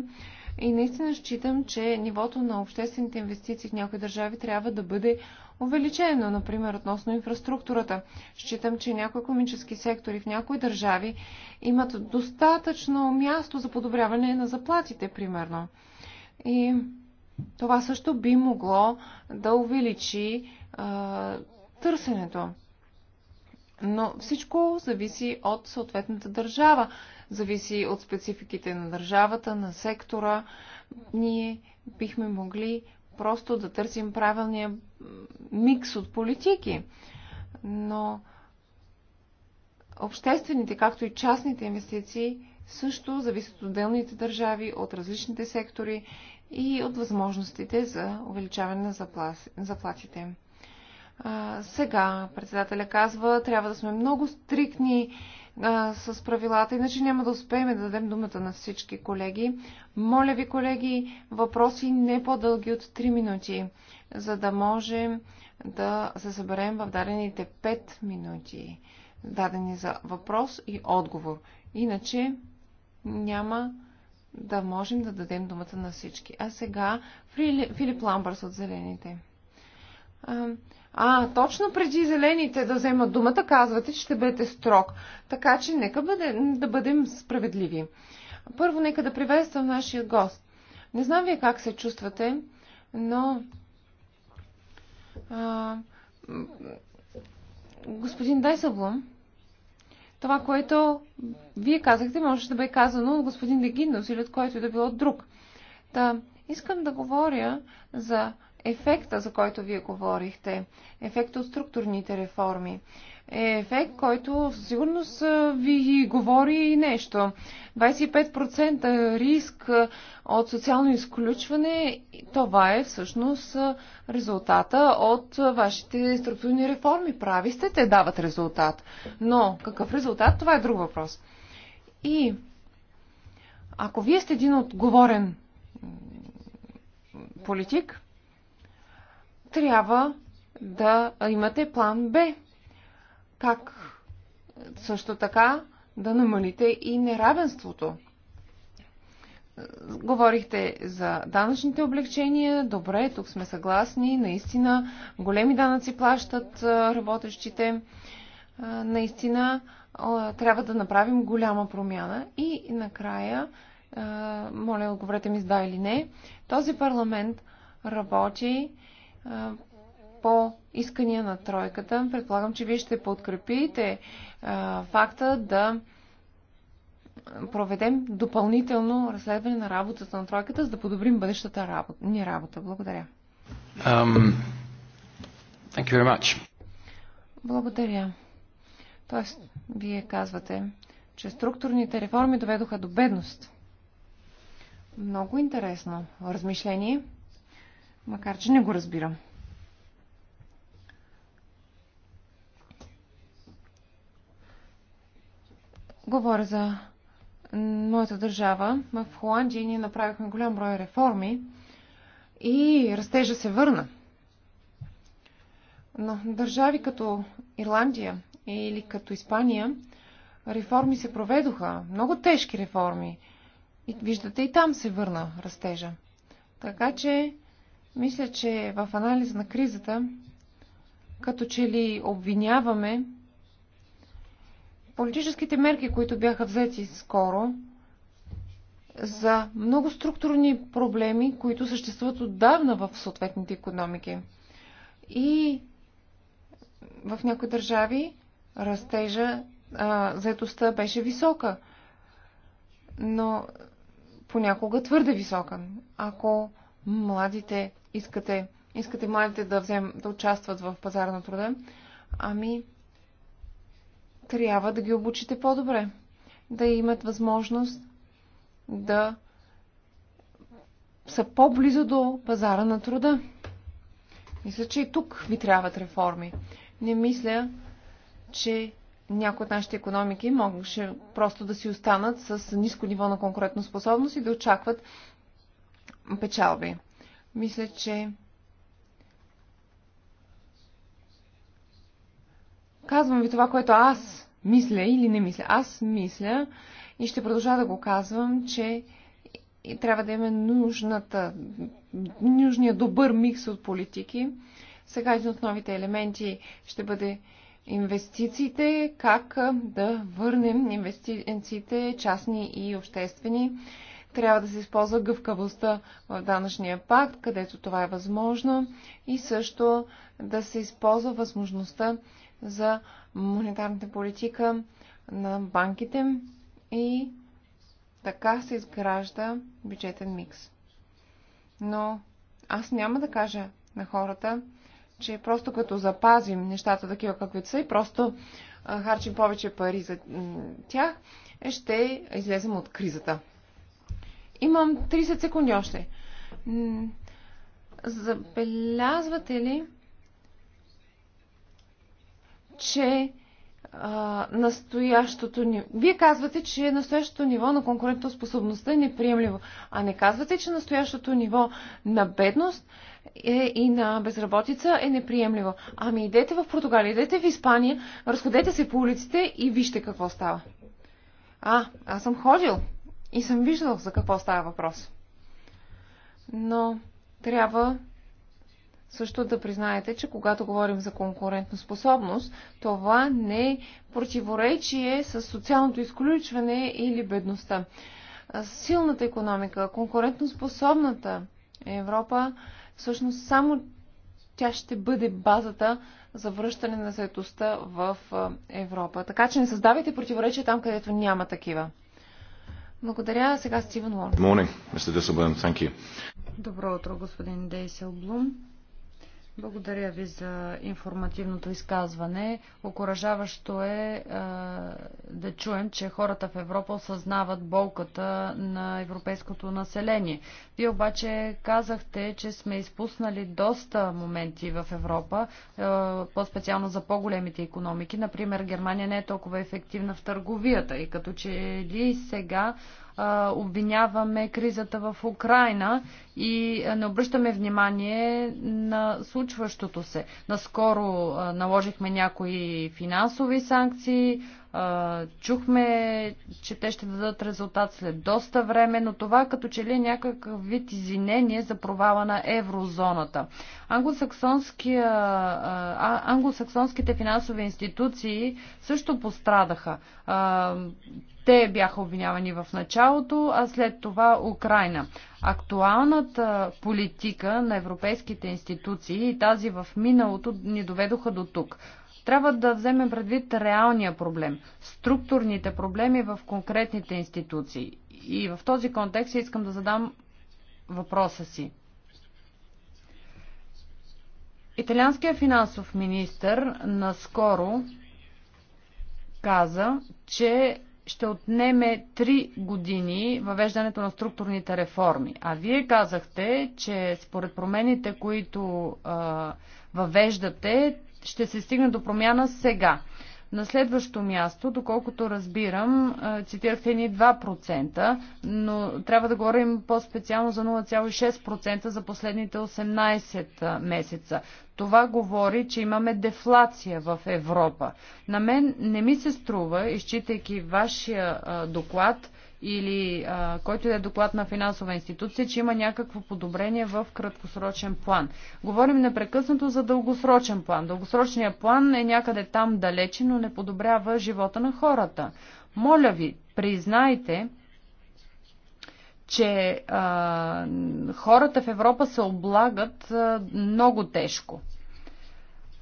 И наистина считам, че нивото на обществените инвестиции в някои държави трябва да бъде увеличено, например, относно инфраструктурата. Считам, че някои економически сектори в някои държави имат достатъчно място за подобряване на заплатите, примерно. И това също би могло да увеличи а, търсенето. Но всичко зависи от съответната държава, зависи от спецификите на държавата, на сектора. Ние бихме могли просто да търсим правилния микс от политики. Но обществените, както и частните инвестиции също зависят от отделните държави, от различните сектори и от възможностите за увеличаване на заплатите. А, сега председателя казва, трябва да сме много стриктни а, с правилата, иначе няма да успеем да дадем думата на всички колеги. Моля ви, колеги, въпроси не по-дълги от 3 минути, за да можем да се съберем в дадените 5 минути, дадени за въпрос и отговор. Иначе няма да можем да дадем думата на всички. А сега Филип Ламбърс от Зелените. А, точно преди зелените да вземат думата, казвате, че ще бъдете строг. Така че нека бъде, да бъдем справедливи. Първо, нека да приветствам нашия гост. Не знам вие как се чувствате, но а, господин Дайсаблом, това, което вие казахте, може да бъде казано от господин Дегиннос или от който да било друг. Та, искам да говоря за ефекта, за който вие говорихте, ефекта от структурните реформи. Е ефект, който сигурност ви говори и нещо. 25% риск от социално изключване, това е всъщност резултата от вашите структурни реформи. Прави сте, те дават резултат. Но какъв резултат, това е друг въпрос. И ако вие сте един отговорен политик, трябва да имате план Б. Как също така да намалите и неравенството. Говорихте за данъчните облегчения. Добре, тук сме съгласни. Наистина, големи данъци плащат работещите. Наистина, трябва да направим голяма промяна. И накрая, моля, отговорете ми с да или не, този парламент работи по искания на тройката. Предполагам, че вие ще подкрепите факта да проведем допълнително разследване на работата на тройката, за да подобрим бъдещата работа, ни работа. Благодаря. Um, thank you very much. Благодаря. Тоест, вие казвате, че структурните реформи доведоха до бедност. Много интересно размишление макар че не го разбирам. Говоря за моята държава. В Холандия ние направихме голям брой реформи и растежа се върна. Но държави като Ирландия или като Испания реформи се проведоха. Много тежки реформи. И виждате и там се върна растежа. Така че мисля, че в анализ на кризата, като че ли обвиняваме политическите мерки, които бяха взети скоро, за много структурни проблеми, които съществуват отдавна в съответните економики. И в някои държави растежа, заетостта заедостта беше висока, но понякога твърде висока. Ако младите искате, искате младите да, взем, да участват в пазара на труда, ами трябва да ги обучите по-добре. Да имат възможност да са по-близо до пазара на труда. Мисля, че и тук ви трябват реформи. Не мисля, че някои от нашите економики могаше просто да си останат с ниско ниво на конкурентоспособност и да очакват печалби. Мисля, че казвам ви това, което аз мисля или не мисля. Аз мисля и ще продължа да го казвам, че и трябва да имаме нужната, нужния добър микс от политики. Сега един от новите елементи ще бъде инвестициите, как да върнем инвестициите частни и обществени трябва да се използва гъвкавостта в данъчния пакт, където това е възможно и също да се използва възможността за монетарната политика на банките и така се изгражда бюджетен микс. Но аз няма да кажа на хората, че просто като запазим нещата такива каквито са и просто харчим повече пари за тях, е, ще излезем от кризата. Имам 30 секунди още. Забелязвате ли, че а, настоящото ниво... Вие казвате, че настоящото ниво на конкурентоспособността е неприемливо, а не казвате, че настоящото ниво на бедност е, и на безработица е неприемливо. Ами идете в Португалия, идете в Испания, разходете се по улиците и вижте какво става. А, аз съм ходил. И съм виждал за какво става въпрос. Но трябва също да признаете, че когато говорим за конкурентоспособност, това не е противоречие с социалното изключване или бедността. Силната економика, конкурентоспособната Европа, всъщност само тя ще бъде базата за връщане на заедостта в Европа. Така че не създавайте противоречия там, където няма такива. Благодаря. Сега Стивен Уорд. Добро утро, господин Дейсел Блум. Благодаря ви за информативното изказване. Окоръжаващо е, е да чуем, че хората в Европа осъзнават болката на европейското население. Вие обаче казахте, че сме изпуснали доста моменти в Европа, е, по-специално за по-големите економики. Например, Германия не е толкова ефективна в търговията и като че ли сега е, обвиняваме кризата в Украина и не обръщаме внимание на случващото се. Наскоро наложихме някои финансови санкции, чухме, че те ще дадат резултат след доста време, но това като че ли е някакъв вид извинение за провала на еврозоната. Англосаксонските финансови институции също пострадаха. Те бяха обвинявани в началото, а след това Украина. Актуалната политика на европейските институции и тази в миналото ни доведоха до тук. Трябва да вземем предвид реалния проблем, структурните проблеми в конкретните институции. И в този контекст искам да задам въпроса си. Италианският финансов министр наскоро каза, че ще отнеме три години въвеждането на структурните реформи. А вие казахте, че според промените, които а, въвеждате, ще се стигне до промяна сега. На следващо място, доколкото разбирам, цитирахте ни 2%, но трябва да говорим по-специално за 0,6% за последните 18 месеца. Това говори, че имаме дефлация в Европа. На мен не ми се струва, изчитайки вашия доклад, или а, който е доклад на финансова институция, че има някакво подобрение в краткосрочен план. Говорим непрекъснато за дългосрочен план. Дългосрочният план е някъде там далече, но не подобрява живота на хората. Моля ви, признайте, че а, хората в Европа се облагат а, много тежко.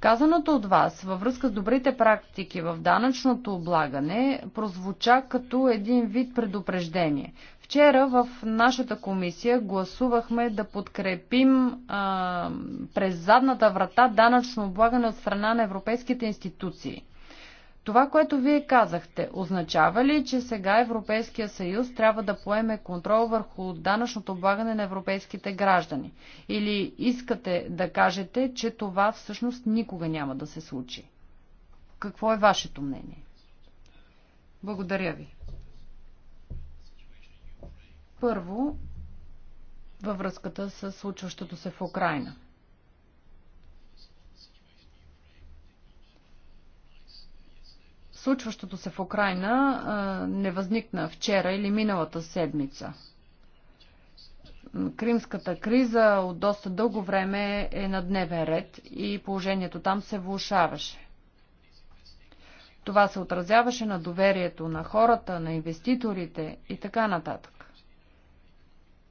Казаното от вас във връзка с добрите практики в данъчното облагане прозвуча като един вид предупреждение. Вчера в нашата комисия гласувахме да подкрепим а, през задната врата данъчно облагане от страна на европейските институции. Това, което вие казахте, означава ли, че сега Европейския съюз трябва да поеме контрол върху данъчното облагане на европейските граждани? Или искате да кажете, че това всъщност никога няма да се случи? Какво е вашето мнение? Благодаря ви. Първо, във връзката с случващото се в Украина. случващото се в Украина не възникна вчера или миналата седмица. Кримската криза от доста дълго време е на дневен ред и положението там се влушаваше. Това се отразяваше на доверието на хората, на инвеститорите и така нататък.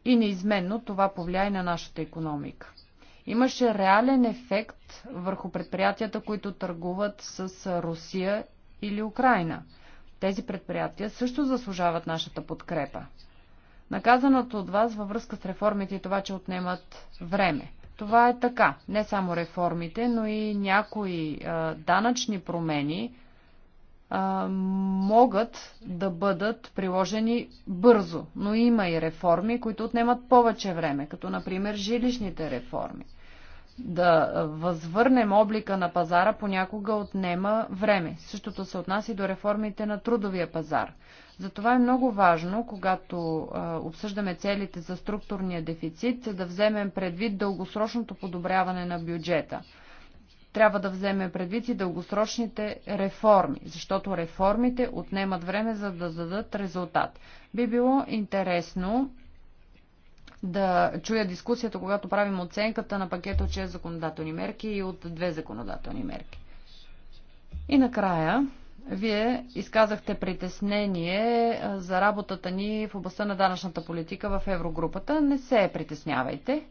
И неизменно това повлия и на нашата економика имаше реален ефект върху предприятията, които търгуват с Русия или Украина. Тези предприятия също заслужават нашата подкрепа. Наказаното от вас във връзка с реформите и това, че отнемат време. Това е така. Не само реформите, но и някои а, данъчни промени а, могат да бъдат приложени бързо. Но има и реформи, които отнемат повече време, като например жилищните реформи да възвърнем облика на пазара понякога отнема време. Същото се отнася и до реформите на трудовия пазар. Затова е много важно, когато обсъждаме целите за структурния дефицит, да вземем предвид дългосрочното подобряване на бюджета. Трябва да вземем предвид и дългосрочните реформи, защото реформите отнемат време за да дадат резултат. Би било интересно да чуя дискусията, когато правим оценката на пакет от 6 законодателни мерки и от 2 законодателни мерки. И накрая, вие изказахте притеснение за работата ни в областта на данъчната политика в Еврогрупата. Не се притеснявайте.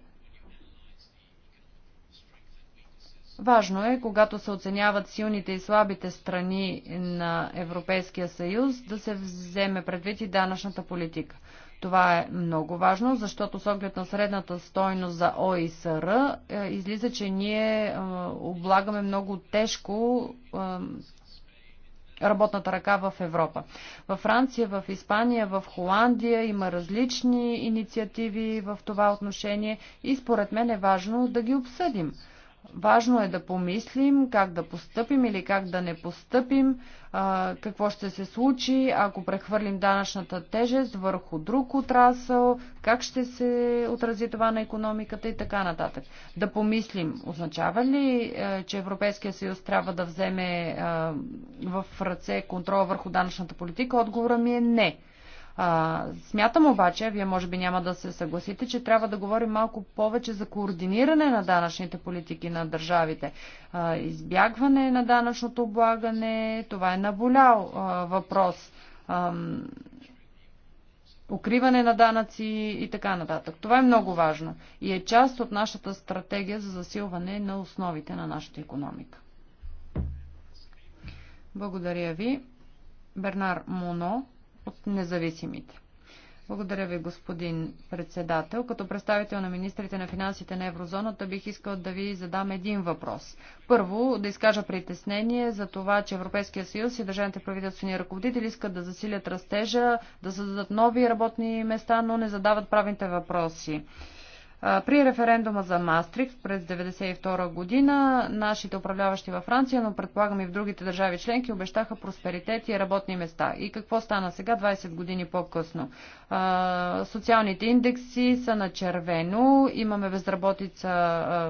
Важно е, когато се оценяват силните и слабите страни на Европейския съюз, да се вземе предвид и данъчната политика. Това е много важно, защото с оглед на средната стойност за ОИСР е, излиза, че ние е, облагаме много тежко е, работната ръка в Европа. В Франция, в Испания, в Холандия има различни инициативи в това отношение и според мен е важно да ги обсъдим. Важно е да помислим как да постъпим или как да не постъпим, какво ще се случи, ако прехвърлим данъчната тежест върху друг отрасъл, как ще се отрази това на економиката и така нататък. Да помислим, означава ли, е, че Европейския съюз трябва да вземе е, в ръце контрол върху данъчната политика? Отговора ми е не. А, смятам обаче, вие може би няма да се съгласите, че трябва да говорим малко повече за координиране на данъчните политики на държавите. А, избягване на данъчното облагане, това е наболял а, въпрос. А, укриване на данъци и така нататък. Това е много важно и е част от нашата стратегия за засилване на основите на нашата економика. Благодаря ви. Бернар Моно от независимите. Благодаря ви, господин председател. Като представител на министрите на финансите на еврозоната бих искал да ви задам един въпрос. Първо, да изкажа притеснение за това, че Европейския съюз и държавните правителствени ръководители искат да засилят растежа, да създадат нови работни места, но не задават правните въпроси. При референдума за Мастрихт през 1992 година нашите управляващи във Франция, но предполагам и в другите държави членки, обещаха просперитет и работни места. И какво стана сега, 20 години по-късно? Социалните индекси са на червено, имаме безработица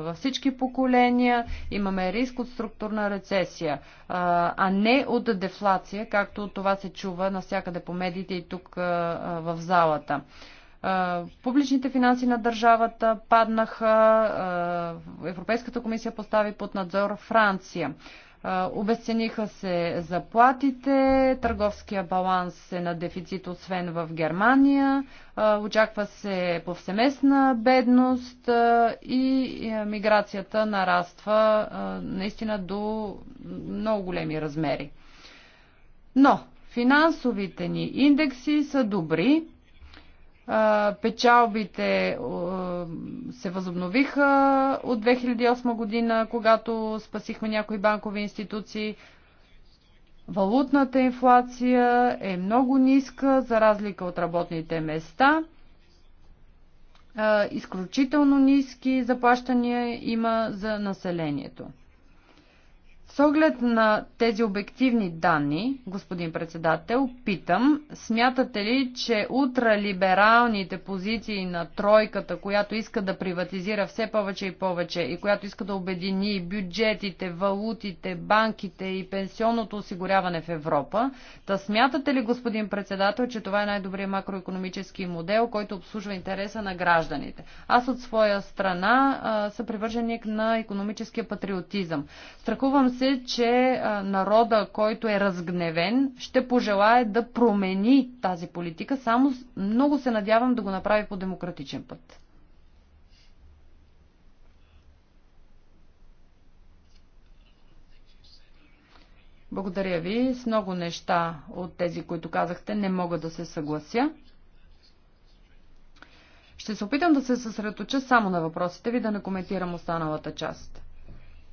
във всички поколения, имаме риск от структурна рецесия, а не от дефлация, както това се чува навсякъде по медиите и тук в залата. Публичните финанси на държавата паднаха, Европейската комисия постави под надзор Франция. Обесцениха се заплатите, търговския баланс е на дефицит, освен в Германия, очаква се повсеместна бедност и миграцията нараства наистина до много големи размери. Но финансовите ни индекси са добри, Печалбите се възобновиха от 2008 година, когато спасихме някои банкови институции. Валутната инфлация е много ниска, за разлика от работните места. Изключително ниски заплащания има за населението. С оглед на тези обективни данни, господин председател, питам, смятате ли, че ултралибералните позиции на тройката, която иска да приватизира все повече и повече и която иска да обедини бюджетите, валутите, банките и пенсионното осигуряване в Европа, да смятате ли, господин председател, че това е най-добрият макроекономически модел, който обслужва интереса на гражданите? Аз от своя страна а, съм привърженик на економическия патриотизъм. Страхувам се, се, че народа, който е разгневен, ще пожелае да промени тази политика. Само много се надявам да го направи по демократичен път. Благодаря ви. С много неща от тези, които казахте, не мога да се съглася. Ще се опитам да се съсредоточа само на въпросите ви, да не коментирам останалата част.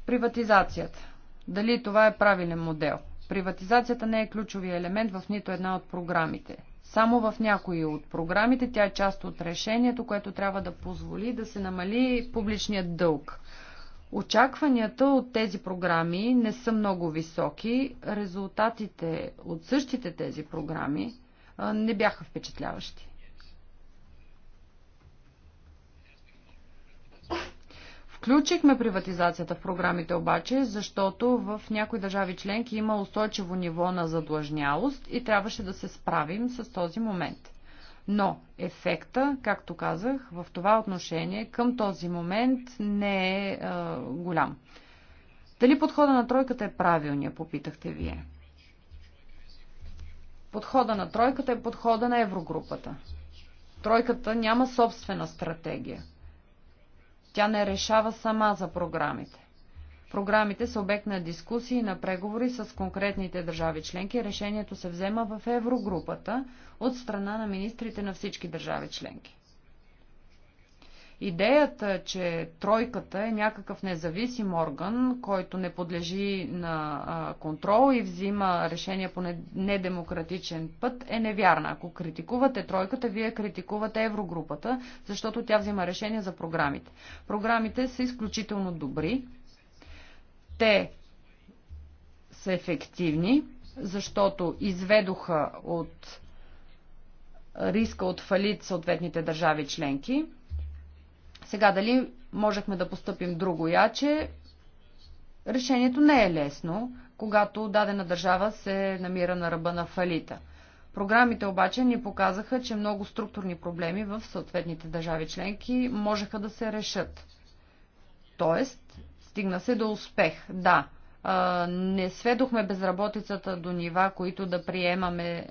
Приватизацията дали това е правилен модел. Приватизацията не е ключовия елемент в нито една от програмите. Само в някои от програмите тя е част от решението, което трябва да позволи да се намали публичният дълг. Очакванията от тези програми не са много високи. Резултатите от същите тези програми не бяха впечатляващи. Включихме приватизацията в програмите обаче, защото в някои държави членки има устойчиво ниво на задлъжнялост и трябваше да се справим с този момент. Но ефекта, както казах, в това отношение към този момент не е, е голям. Дали подхода на тройката е правилния, попитахте вие. Подхода на тройката е подхода на еврогрупата. Тройката няма собствена стратегия. Тя не решава сама за програмите. Програмите са обект на дискусии и на преговори с конкретните държави членки. Решението се взема в Еврогрупата от страна на министрите на всички държави членки. Идеята, че тройката е някакъв независим орган, който не подлежи на контрол и взима решения по недемократичен път, е невярна. Ако критикувате тройката, вие критикувате еврогрупата, защото тя взима решения за програмите. Програмите са изключително добри. Те са ефективни, защото изведоха от риска от фалит съответните държави членки сега дали можехме да поступим друго яче, решението не е лесно, когато дадена държава се намира на ръба на фалита. Програмите обаче ни показаха, че много структурни проблеми в съответните държави членки можеха да се решат. Тоест, стигна се до успех. Да, не сведохме безработицата до нива, които да приемаме,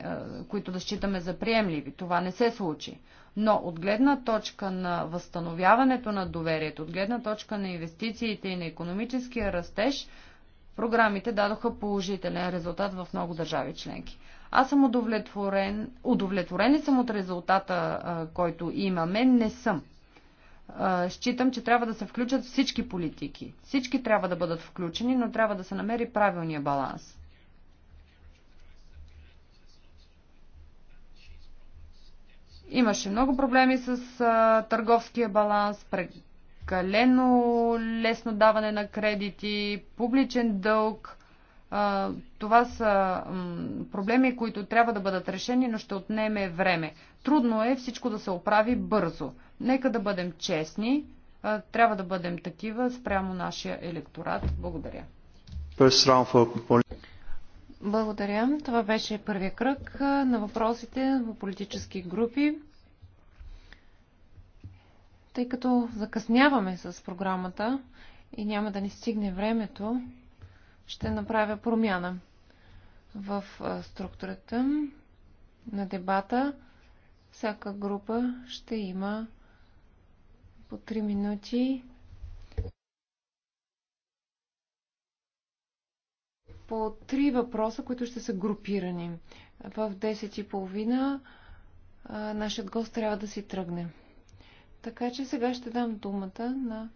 които да считаме за приемливи. Това не се случи. Но от гледна точка на възстановяването на доверието, от гледна точка на инвестициите и на економическия растеж, програмите дадоха положителен резултат в много държави членки. Аз съм удовлетворен, удовлетворен съм от резултата, който имаме? Не съм считам, че трябва да се включат всички политики. Всички трябва да бъдат включени, но трябва да се намери правилния баланс. Имаше много проблеми с а, търговския баланс, прекалено лесно даване на кредити, публичен дълг. А, това са м, проблеми, които трябва да бъдат решени, но ще отнеме време. Трудно е всичко да се оправи бързо. Нека да бъдем честни. Трябва да бъдем такива спрямо нашия електорат. Благодаря. Благодаря. Това беше първия кръг на въпросите в политически групи. Тъй като закъсняваме с програмата и няма да ни стигне времето, ще направя промяна в структурата на дебата. Всяка група ще има по 3 минути. По три въпроса, които ще са групирани. В 10.30 нашият гост трябва да си тръгне. Така че сега ще дам думата на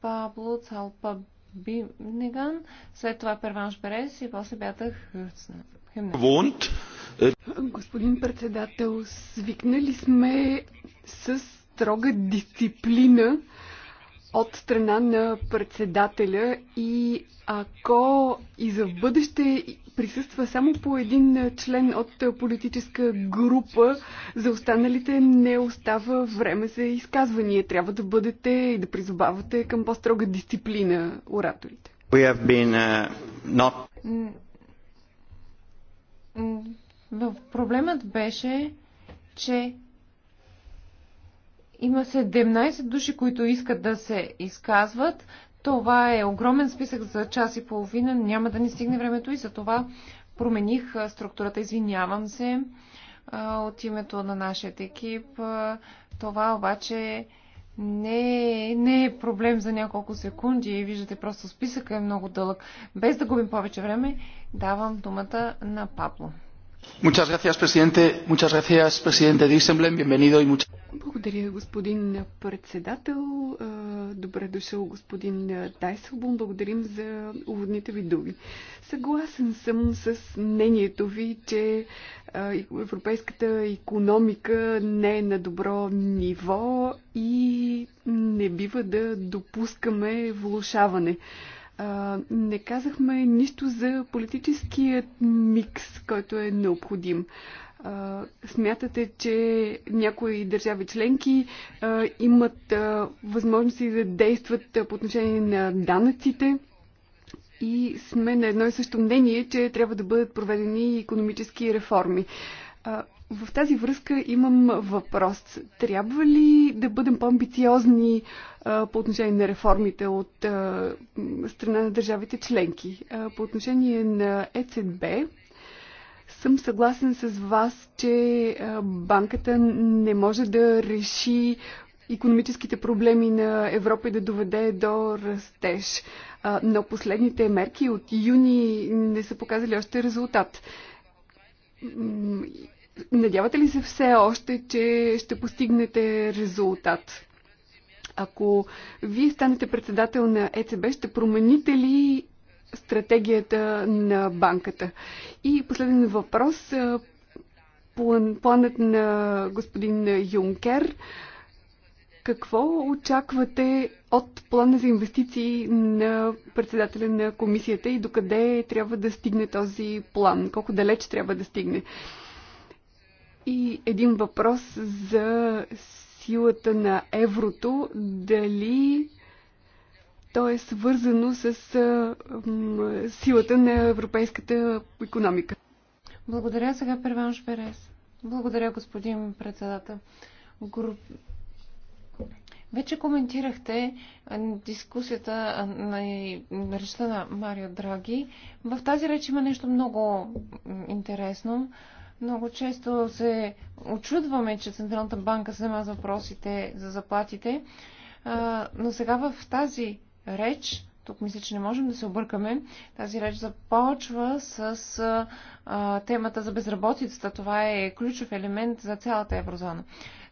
Пабло Цалпа Бинеган, след това Перванш Берес и после бята Господин председател, свикнали сме с строга дисциплина от страна на председателя и ако и за бъдеще присъства само по един член от политическа група, за останалите не остава време за изказвания. Трябва да бъдете и да призобавате към по-строга дисциплина ораторите. We have been, uh, not... Проблемът беше, че има 17 души, които искат да се изказват. Това е огромен списък за час и половина. Няма да ни стигне времето и за това промених структурата. Извинявам се от името на нашия екип. Това обаче не, не е проблем за няколко секунди. Виждате, просто списъка е много дълъг. Без да губим повече време, давам думата на Пабло. Muchas gracias, presidente. Muchas gracias, presidente Bienvenido y muchas... Благодаря, господин председател. Е, добре дошъл, господин Дайселбум. Благодарим за уводните ви думи. Съгласен съм с мнението ви, че е, европейската економика не е на добро ниво и не бива да допускаме влушаване. А, не казахме нищо за политическият микс, който е необходим. А, смятате, че някои държави членки а, имат а, възможности да действат а, по отношение на данъците и сме на едно и също мнение, че трябва да бъдат проведени економически реформи. А, в тази връзка имам въпрос. Трябва ли да бъдем по-амбициозни по отношение на реформите от страна на държавите членки? По отношение на ЕЦБ, съм съгласен с вас, че банката не може да реши економическите проблеми на Европа и да доведе до растеж. Но последните мерки от юни не са показали още резултат Надявате ли се все още, че ще постигнете резултат? Ако вие станете председател на ЕЦБ, ще промените ли стратегията на банката? И последен въпрос. План, планът на господин Юнкер. Какво очаквате от плана за инвестиции на председателя на комисията и докъде трябва да стигне този план? Колко далеч трябва да стигне? И един въпрос за силата на еврото. Дали то е свързано с силата на европейската економика? Благодаря сега Перван Шперес. Благодаря, господин председател. Груп... Вече коментирахте дискусията на речта на Марио Драги. В тази реч има нещо много интересно. Много често се очудваме, че Централната банка се занимава с въпросите за заплатите, но сега в тази реч, тук мисля, че не можем да се объркаме, тази реч започва с темата за безработицата. Това е ключов елемент за цялата еврозона.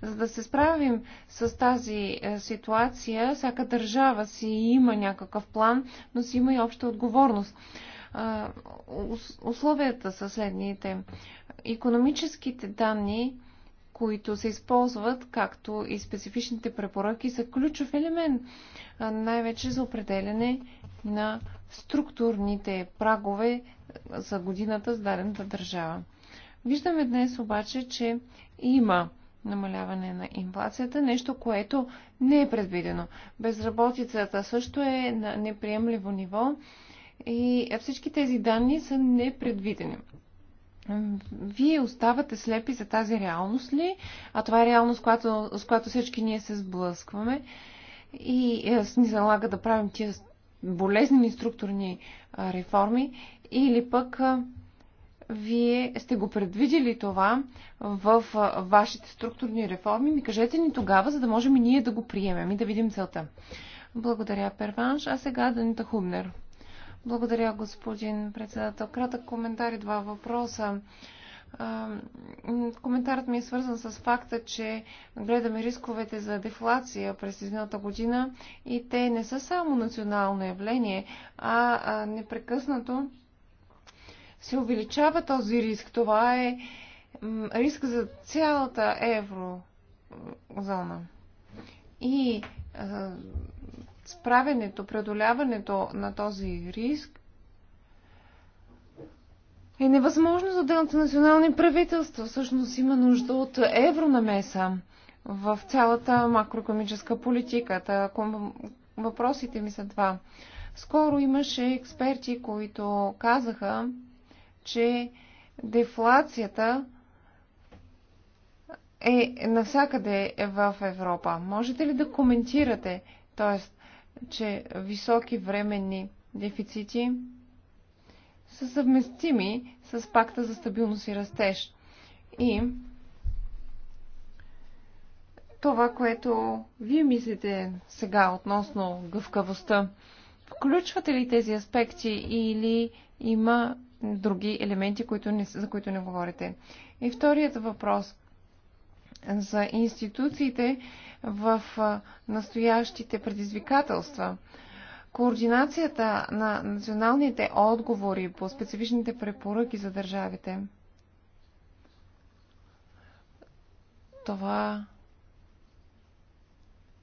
За да се справим с тази е, ситуация, всяка държава си има някакъв план, но си има и обща отговорност условията са следните. Економическите данни, които се използват, както и специфичните препоръки, са ключов елемент, най-вече за определене на структурните прагове за годината с дадената държава. Виждаме днес обаче, че има намаляване на инфлацията, нещо, което не е предвидено. Безработицата също е на неприемливо ниво и всички тези данни са непредвидени вие оставате слепи за тази реалност ли? А това е реалност, с която, с която всички ние се сблъскваме и е, ни залага да правим тия болезнени структурни реформи или пък вие сте го предвидели това в вашите структурни реформи. Ми кажете ни тогава, за да можем и ние да го приемем и да видим целта. Благодаря, Перванш. А сега Данита Хубнер. Благодаря, господин председател. Кратък коментар и два въпроса. Коментарът ми е свързан с факта, че гледаме рисковете за дефлация през изминалата година и те не са само национално явление, а непрекъснато се увеличава този риск. Това е риск за цялата еврозона. И справенето, преодоляването на този риск е невъзможно за отделните национални правителства. Всъщност има нужда от евронамеса в цялата макроекономическа политика. Та, въпросите ми са два. Скоро имаше експерти, които казаха, че дефлацията е навсякъде в Европа. Можете ли да коментирате, т.е че високи временни дефицити са съвместими с пакта за стабилност и растеж. И това, което вие мислите сега относно гъвкавостта, включвате ли тези аспекти или има други елементи, които не, за които не говорите? И вторият въпрос за институциите в настоящите предизвикателства. Координацията на националните отговори по специфичните препоръки за държавите. Това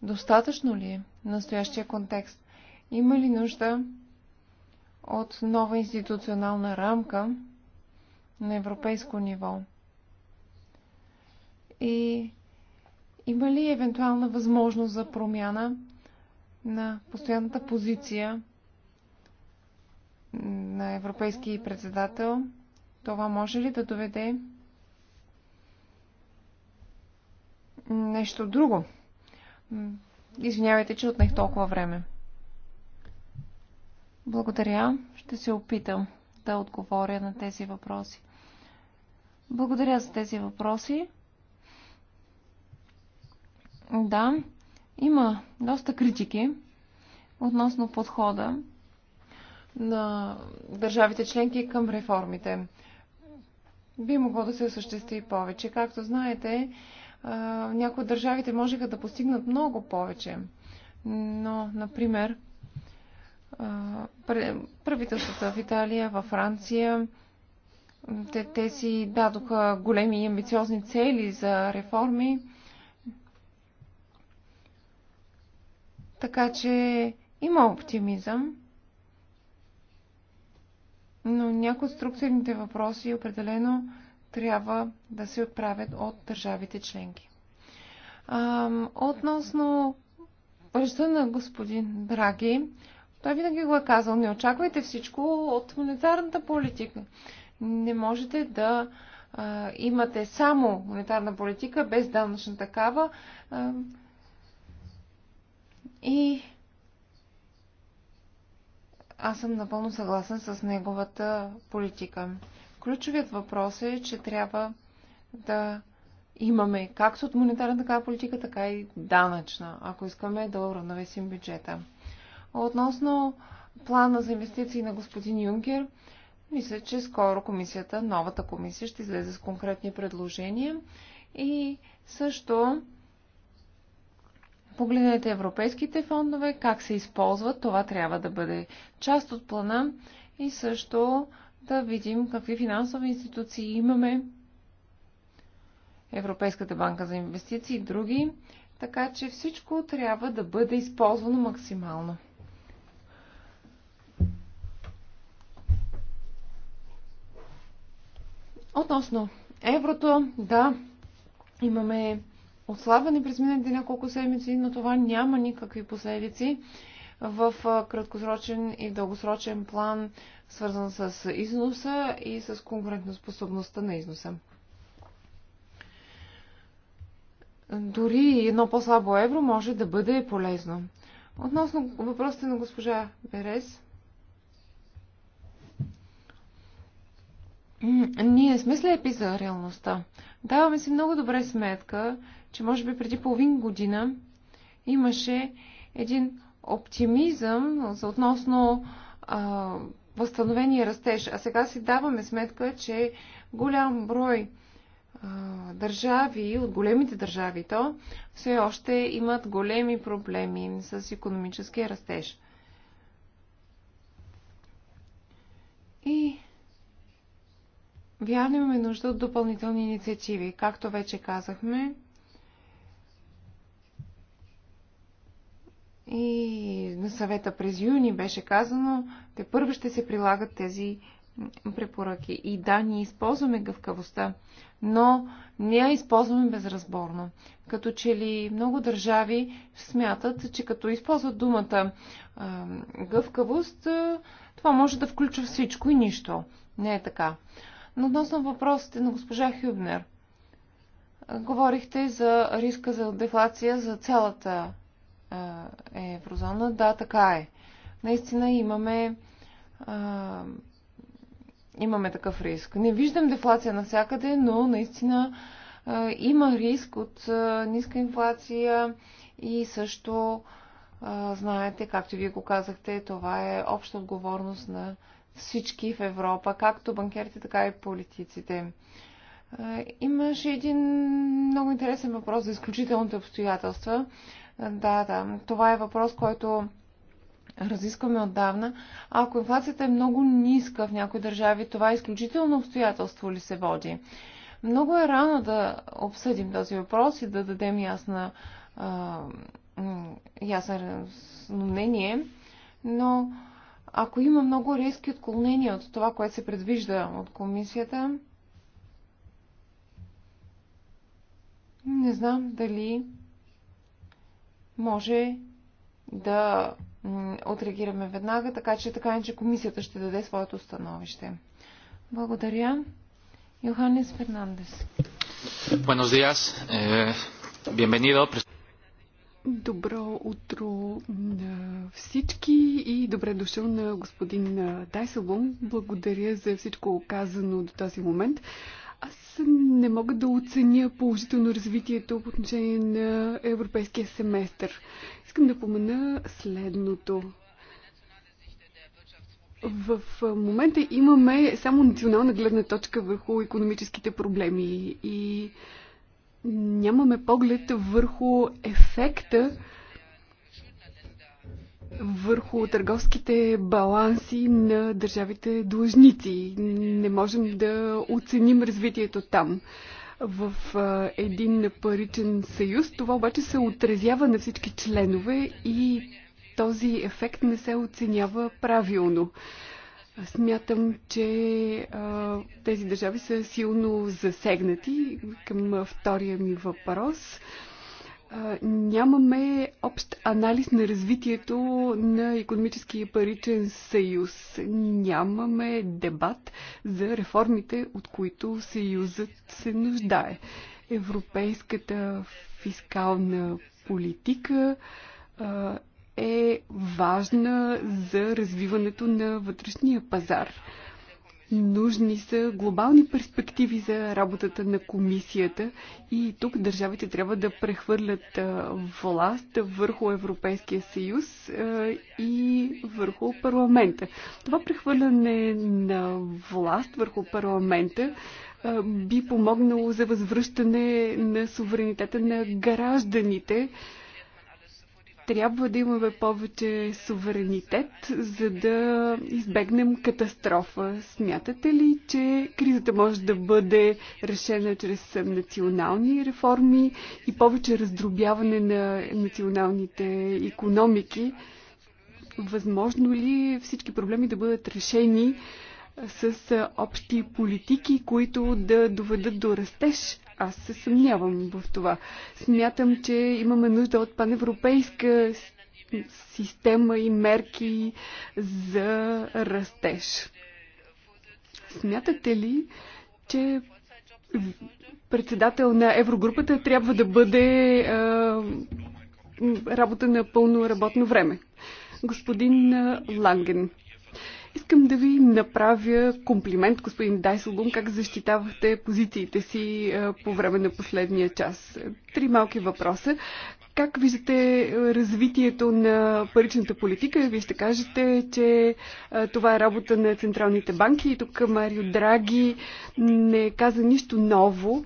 достатъчно ли е настоящия контекст? Има ли нужда от нова институционална рамка на европейско ниво? И има ли евентуална възможност за промяна на постоянната позиция на европейски председател? Това може ли да доведе нещо друго? Извинявайте, че отнех толкова време. Благодаря. Ще се опитам да отговоря на тези въпроси. Благодаря за тези въпроси. Да, има доста критики относно подхода на държавите членки към реформите. Би могло да се осъществи повече. Както знаете, някои от държавите можеха да постигнат много повече. Но, например, правителствата в Италия, във Франция, те, те си дадоха големи и амбициозни цели за реформи, Така че има оптимизъм, но някои от структурните въпроси определено трябва да се отправят от държавите членки. А, относно връща на господин Драги, той винаги го е казал, не очаквайте всичко от монетарната политика. Не можете да а, имате само монетарна политика без данъчна такава. А, и аз съм напълно съгласен с неговата политика. Ключовият въпрос е, че трябва да имаме както от монетарна така политика, така и данъчна, ако искаме да уравновесим бюджета. Относно плана за инвестиции на господин Юнгер, мисля, че скоро комисията, новата комисия, ще излезе с конкретни предложения и също Погледнете европейските фондове, как се използват, това трябва да бъде част от плана и също да видим какви финансови институции имаме, Европейската банка за инвестиции и други, така че всичко трябва да бъде използвано максимално. Относно еврото, да, имаме отслабване през миналите няколко седмици, но това няма никакви последици в краткосрочен и дългосрочен план, свързан с износа и с конкурентоспособността на износа. Дори едно по-слабо евро може да бъде полезно. Относно въпросите на госпожа Берес. ние сме слепи за реалността. Даваме си много добре сметка, че може би преди половин година имаше един оптимизъм за относно а, и растеж. А сега си даваме сметка, че голям брой а, държави, от големите държави то, все още имат големи проблеми с економическия растеж. И вярно имаме нужда от допълнителни инициативи. Както вече казахме, и на съвета през юни беше казано, те първо ще се прилагат тези препоръки. И да, ние използваме гъвкавостта, но не я използваме безразборно. Като че ли много държави смятат, че като използват думата гъвкавост, това може да включва всичко и нищо. Не е така. Но относно въпросите на госпожа Хюбнер, говорихте за риска за дефлация за цялата е еврозона. Да, така е. Наистина имаме, а, имаме такъв риск. Не виждам дефлация навсякъде, но наистина а, има риск от а, ниска инфлация и също а, знаете, както вие го казахте, това е обща отговорност на всички в Европа, както банкерите, така и политиците. Имаше един много интересен въпрос за изключителните обстоятелства. Да, да. Това е въпрос, който разискваме отдавна. Ако инфлацията е много ниска в някои държави, това е изключително обстоятелство ли се води? Много е рано да обсъдим този въпрос и да дадем ясна, а, ясно мнение, но ако има много резки отклонения от това, което се предвижда от комисията, не знам дали може да отреагираме веднага, така че така че комисията ще даде своето становище. Благодаря. Йоханес Фернандес. Buenos días. Eh, bienvenido. Добро утро на всички и добре дошъл на господин Дайселбум. Благодаря за всичко казано до този момент. Аз не мога да оценя положително развитието по отношение на европейския семестър. Искам да помена следното. В момента имаме само национална гледна точка върху економическите проблеми и нямаме поглед върху ефекта върху търговските баланси на държавите длъжници. Не можем да оценим развитието там в един паричен съюз. Това обаче се отразява на всички членове и този ефект не се оценява правилно. Смятам, че а, тези държави са силно засегнати към втория ми въпрос. А, нямаме общ анализ на развитието на економически паричен съюз. Нямаме дебат за реформите, от които съюзът се нуждае. Европейската фискална политика е важна за развиването на вътрешния пазар. Нужни са глобални перспективи за работата на комисията и тук държавите трябва да прехвърлят власт върху Европейския съюз и върху парламента. Това прехвърляне на власт върху парламента би помогнало за възвръщане на суверенитета на гражданите, трябва да имаме повече суверенитет, за да избегнем катастрофа. Смятате ли, че кризата може да бъде решена чрез национални реформи и повече раздробяване на националните економики? Възможно ли всички проблеми да бъдат решени с общи политики, които да доведат до растеж? Аз се съмнявам в това. Смятам, че имаме нужда от паневропейска система и мерки за растеж. Смятате ли, че председател на Еврогрупата трябва да бъде а, работа на пълно работно време? Господин Ланген, Искам да ви направя комплимент, господин Дайселбум, как защитавахте позициите си е, по време на последния час. Три малки въпроса. Как виждате е, развитието на паричната политика? Вие ще кажете, че е, това е работа на централните банки и тук Марио Драги не каза нищо ново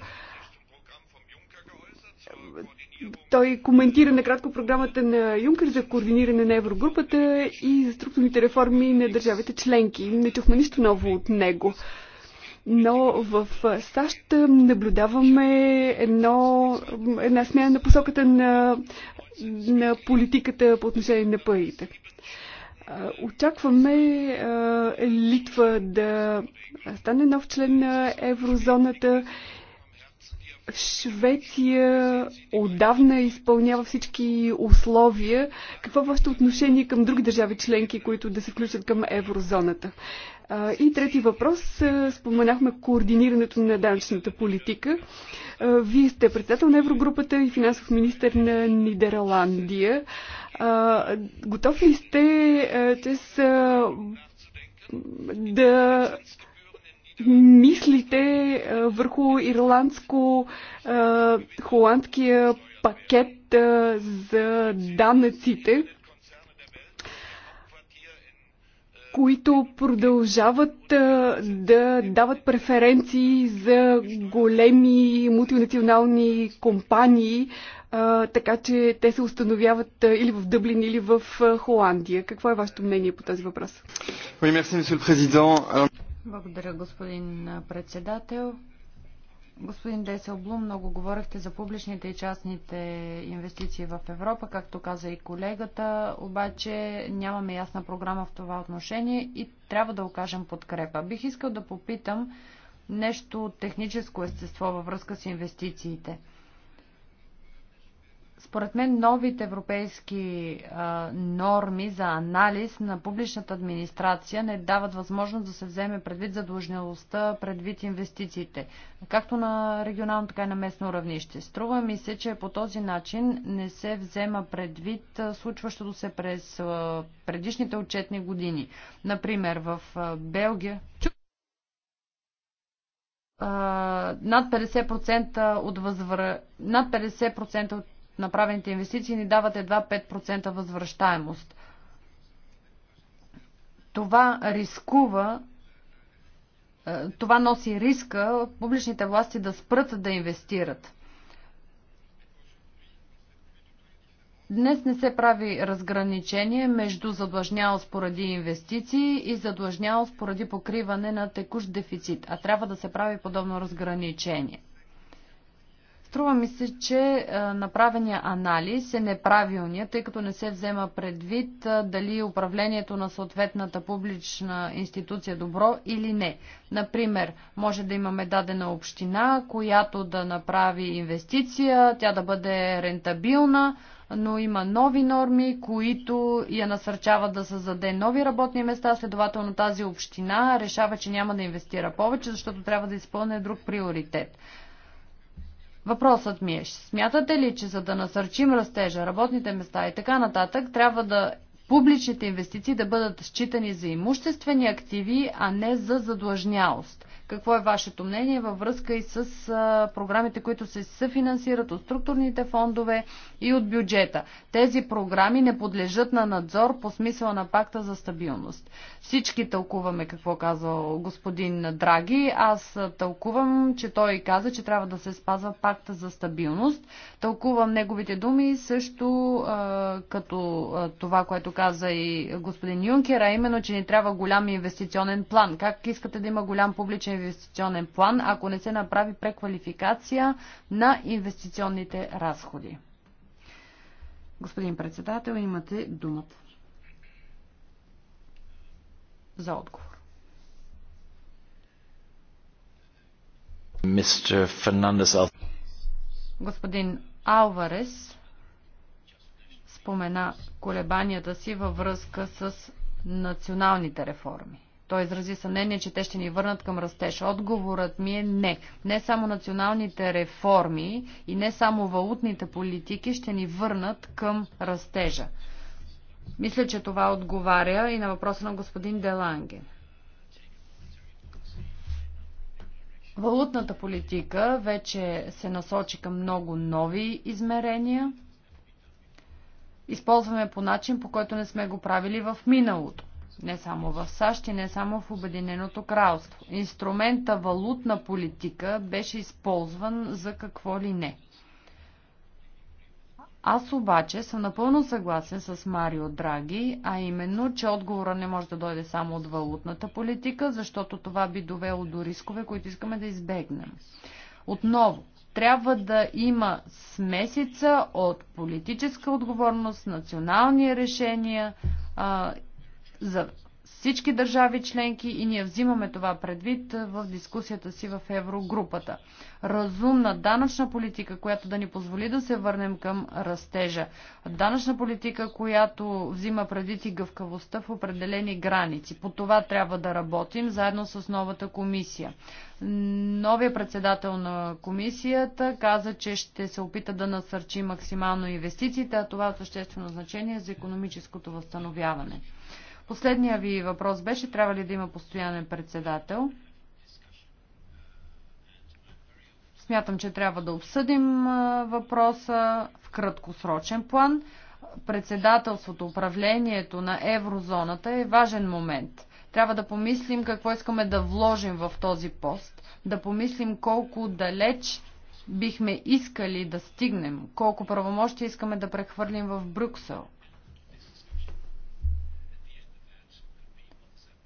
той коментира накратко програмата на Юнкер за координиране на Еврогрупата и за структурните реформи на държавите членки. Не чухме нищо ново от него. Но в САЩ наблюдаваме едно, една смяна на посоката на, на политиката по отношение на парите. Очакваме Литва да стане нов член на еврозоната Швеция отдавна изпълнява всички условия. Какво е вашето отношение към други държави членки, които да се включат към еврозоната? И трети въпрос. Споменахме координирането на данъчната политика. Вие сте председател на Еврогрупата и финансов министр на Нидерландия. Готов ли сте чрез да мислите върху ирландско-холандския пакет за данъците, които продължават да дават преференции за големи мултинационални компании, така че те се установяват или в Дъблин, или в Холандия. Какво е вашето мнение по този въпрос? Oui, merci, благодаря, господин председател. Господин Деселблум, много говорихте за публичните и частните инвестиции в Европа, както каза и колегата, обаче нямаме ясна програма в това отношение и трябва да окажем подкрепа. Бих искал да попитам нещо техническо естество във връзка с инвестициите. Според мен новите европейски а, норми за анализ на публичната администрация не дават възможност да се вземе предвид задлъжнялостта, предвид инвестициите, както на регионално, така и на местно равнище. Струва ми се, че по този начин не се взема предвид случващото се през а, предишните отчетни години. Например, в а, Белгия над 50% от възвръ... над 50% от направените инвестиции ни дават едва 5% възвръщаемост. Това рискува е, това носи риска публичните власти да спрат да инвестират. Днес не се прави разграничение между задлъжнялост поради инвестиции и задлъжнялост поради покриване на текущ дефицит, а трябва да се прави подобно разграничение. Струва ми се, че направения анализ е неправилният, тъй като не се взема предвид дали управлението на съответната публична институция е добро или не. Например, може да имаме дадена община, която да направи инвестиция, тя да бъде рентабилна, но има нови норми, които я насърчават да създаде нови работни места, следователно тази община решава, че няма да инвестира повече, защото трябва да изпълне друг приоритет. Въпросът ми е, смятате ли, че за да насърчим растежа, работните места и така нататък, трябва да публичните инвестиции да бъдат считани за имуществени активи, а не за задлъжнялост? Какво е вашето мнение във връзка и с програмите, които се съфинансират от структурните фондове и от бюджета? Тези програми не подлежат на надзор по смисъла на пакта за стабилност. Всички тълкуваме какво казва господин Драги. Аз тълкувам, че той каза, че трябва да се спазва пакта за стабилност. Тълкувам неговите думи също като това, което каза и господин Юнкер, а именно, че ни трябва голям инвестиционен план. Как искате да има голям публичен инвестиционен план, ако не се направи преквалификация на инвестиционните разходи. Господин председател, имате думата за отговор. Господин Алварес спомена колебанията си във връзка с националните реформи. Той изрази съмнение, че те ще ни върнат към растеж. Отговорът ми е не. Не само националните реформи и не само валутните политики ще ни върнат към растежа. Мисля, че това отговаря и на въпроса на господин Деланге. Валутната политика вече се насочи към много нови измерения. Използваме по начин, по който не сме го правили в миналото не само в САЩ и не само в Обединеното кралство. Инструмента валутна политика беше използван за какво ли не. Аз обаче съм напълно съгласен с Марио Драги, а именно, че отговора не може да дойде само от валутната политика, защото това би довело до рискове, които искаме да избегнем. Отново, трябва да има смесица от политическа отговорност, национални решения а, за всички държави членки и ние взимаме това предвид в дискусията си в Еврогрупата. Разумна данъчна политика, която да ни позволи да се върнем към растежа. Данъчна политика, която взима предвид и гъвкавостта в определени граници. По това трябва да работим заедно с новата комисия. Новия председател на комисията каза, че ще се опита да насърчи максимално инвестициите, а това е съществено значение за економическото възстановяване. Последния ви въпрос беше, трябва ли да има постоянен председател? Смятам, че трябва да обсъдим въпроса в краткосрочен план. Председателството, управлението на еврозоната е важен момент. Трябва да помислим какво искаме да вложим в този пост, да помислим колко далеч бихме искали да стигнем, колко правомощи искаме да прехвърлим в Брюксел –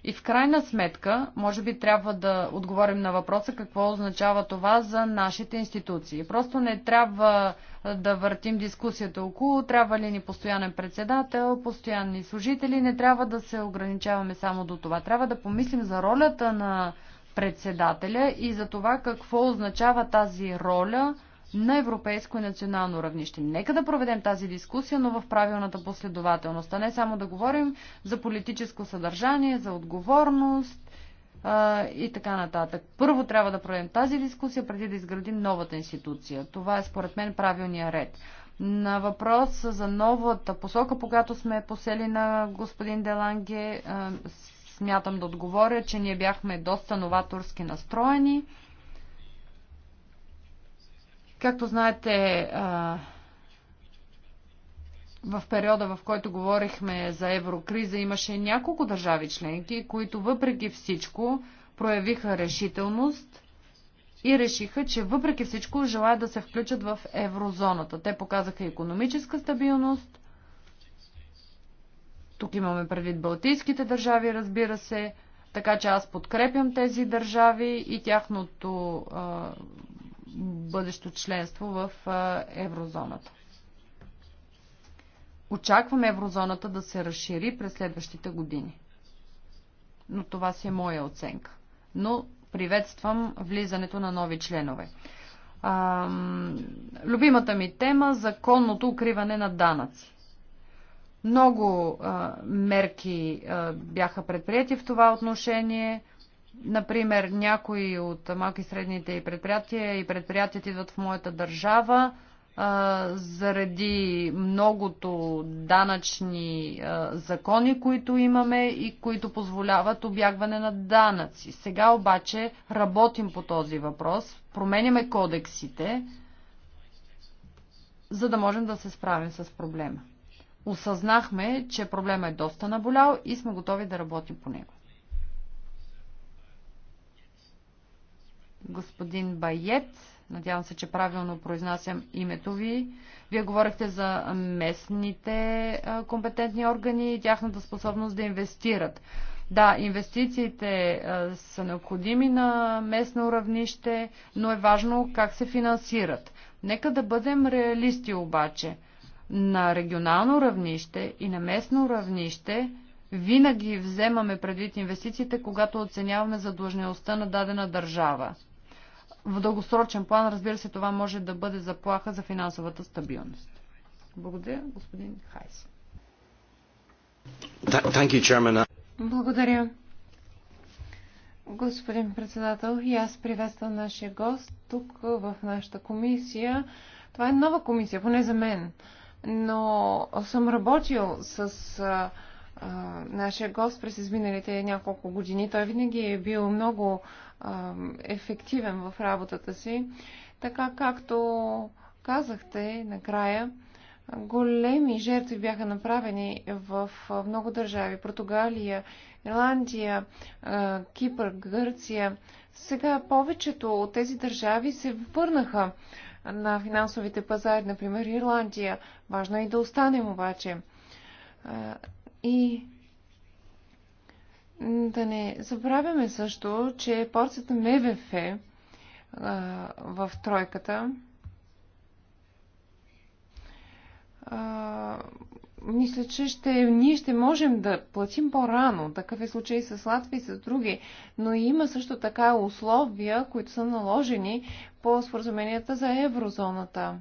И в крайна сметка, може би трябва да отговорим на въпроса какво означава това за нашите институции. Просто не трябва да въртим дискусията около, трябва ли ни постоянен председател, постоянни служители, не трябва да се ограничаваме само до това. Трябва да помислим за ролята на председателя и за това какво означава тази роля – на европейско и национално равнище. Нека да проведем тази дискусия, но в правилната последователност, а не само да говорим за политическо съдържание, за отговорност а, и така нататък. Първо трябва да проведем тази дискусия, преди да изградим новата институция. Това е според мен правилния ред. На въпрос за новата посока, когато сме посели на господин Деланге, смятам да отговоря, че ние бяхме доста новаторски настроени. Както знаете, в периода, в който говорихме за еврокриза, имаше няколко държави членки, които въпреки всичко проявиха решителност и решиха, че въпреки всичко желаят да се включат в еврозоната. Те показаха економическа стабилност. Тук имаме предвид Балтийските държави, разбира се. Така че аз подкрепям тези държави и тяхното бъдещо членство в еврозоната. Очакваме еврозоната да се разшири през следващите години. Но това си е моя оценка. Но приветствам влизането на нови членове. А, любимата ми тема законното укриване на данъци. Много а, мерки а, бяха предприяти в това отношение. Например, някои от малки и средните и предприятия и предприятията идват в моята държава заради многото данъчни закони, които имаме и които позволяват обягване на данъци. Сега обаче работим по този въпрос, променяме кодексите, за да можем да се справим с проблема. Осъзнахме, че проблема е доста наболял и сме готови да работим по него. господин Байет. Надявам се, че правилно произнасям името ви. Вие говорихте за местните компетентни органи и тяхната способност да инвестират. Да, инвестициите са необходими на местно равнище, но е важно как се финансират. Нека да бъдем реалисти обаче. На регионално равнище и на местно равнище винаги вземаме предвид инвестициите, когато оценяваме задлъжнялостта на дадена държава в дългосрочен план, разбира се, това може да бъде заплаха за финансовата стабилност. Благодаря, господин Хайс. Благодаря. Господин председател, и аз приветствам нашия гост тук в нашата комисия. Това е нова комисия, поне за мен. Но съм работил с а, а, нашия гост през изминалите няколко години. Той винаги е бил много ефективен в работата си. Така както казахте накрая, големи жертви бяха направени в много държави. Португалия, Ирландия, Кипър, Гърция. Сега повечето от тези държави се върнаха на финансовите пазари, например Ирландия. Важно е и да останем обаче. И да не забравяме също, че порцията МВФ а, в тройката а, мисля, че ще, ние ще можем да платим по-рано. Такъв е случай с Латвия и с други. Но има също така условия, които са наложени по споразуменията за еврозоната.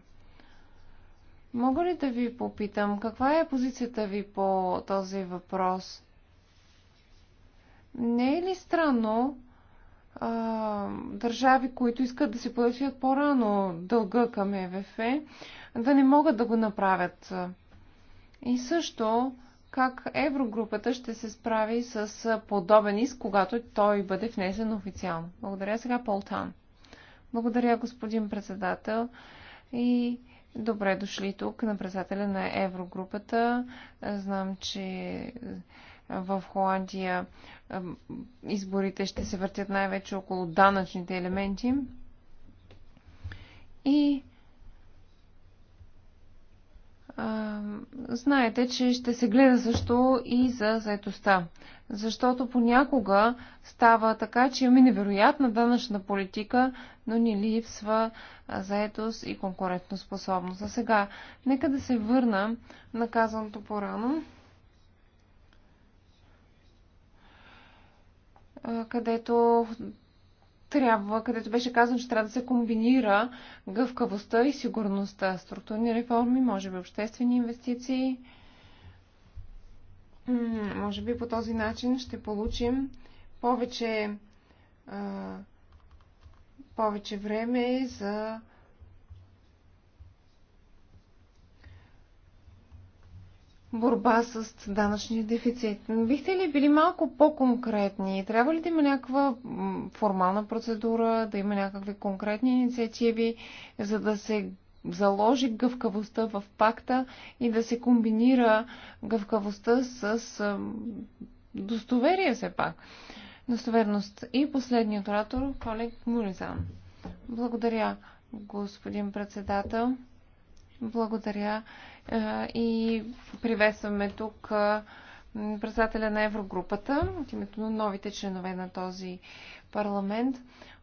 Мога ли да ви попитам, каква е позицията ви по този въпрос? Не е ли странно а, държави, които искат да си платят по-рано дълга към ЕВФ, да не могат да го направят? И също как Еврогрупата ще се справи с подобен иск, когато той бъде внесен официално. Благодаря сега, Полтан. Благодаря, господин председател. И добре дошли тук на председателя на Еврогрупата. Знам, че в Холандия изборите ще се въртят най-вече около данъчните елементи. И а, знаете, че ще се гледа също и за заедостта. Защото понякога става така, че имаме невероятна данъчна политика, но ни липсва заедост и конкурентоспособност. А сега, нека да се върна на казаното по-рано. където трябва, където беше казано, че трябва да се комбинира гъвкавостта и сигурността. Структурни реформи, може би обществени инвестиции. Може би по този начин ще получим повече, повече време за борба с данъчния дефицит. Бихте ли били малко по-конкретни? Трябва ли да има някаква формална процедура, да има някакви конкретни инициативи, за да се заложи гъвкавостта в пакта и да се комбинира гъвкавостта с достоверие все пак? Достоверност. И последният оратор, Колег Муризан. Благодаря, господин председател. Благодаря и приветстваме тук председателя на Еврогрупата от името на новите членове на този парламент.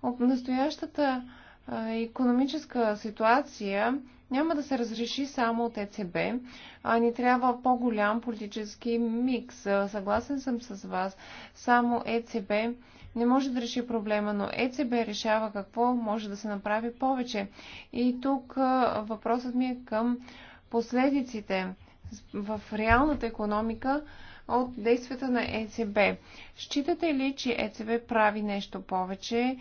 От настоящата економическа ситуация няма да се разреши само от ЕЦБ, а ни трябва по-голям политически микс. Съгласен съм с вас. Само ЕЦБ не може да реши проблема, но ЕЦБ решава какво може да се направи повече. И тук въпросът ми е към последиците в реалната економика от действията на ЕЦБ. Считате ли, че ЕЦБ прави нещо повече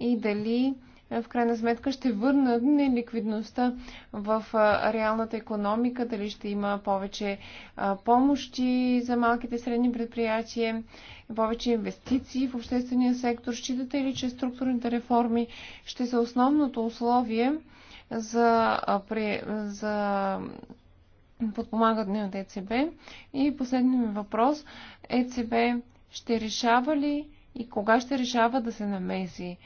и дали е, в крайна сметка ще върнат неликвидността в е, реалната економика, дали ще има повече е, помощи за малките и средни предприятия, повече инвестиции в обществения сектор. Считате ли, че структурните реформи ще са основното условие за, при, за подпомагане от ЕЦБ. И последният ми въпрос. ЕЦБ ще решава ли и кога ще решава да се намеси?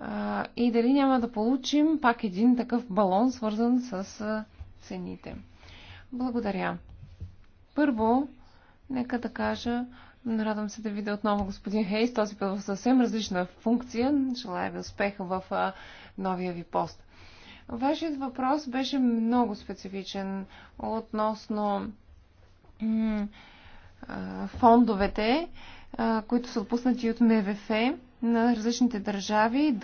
А, и дали няма да получим пак един такъв балон, свързан с цените? Благодаря. Първо, нека да кажа, Радвам се да видя отново господин Хейс, този път в съвсем различна функция. Желая ви успеха в новия ви пост. Вашият въпрос беше много специфичен относно фондовете, които са отпуснати от МВФ на различните държави.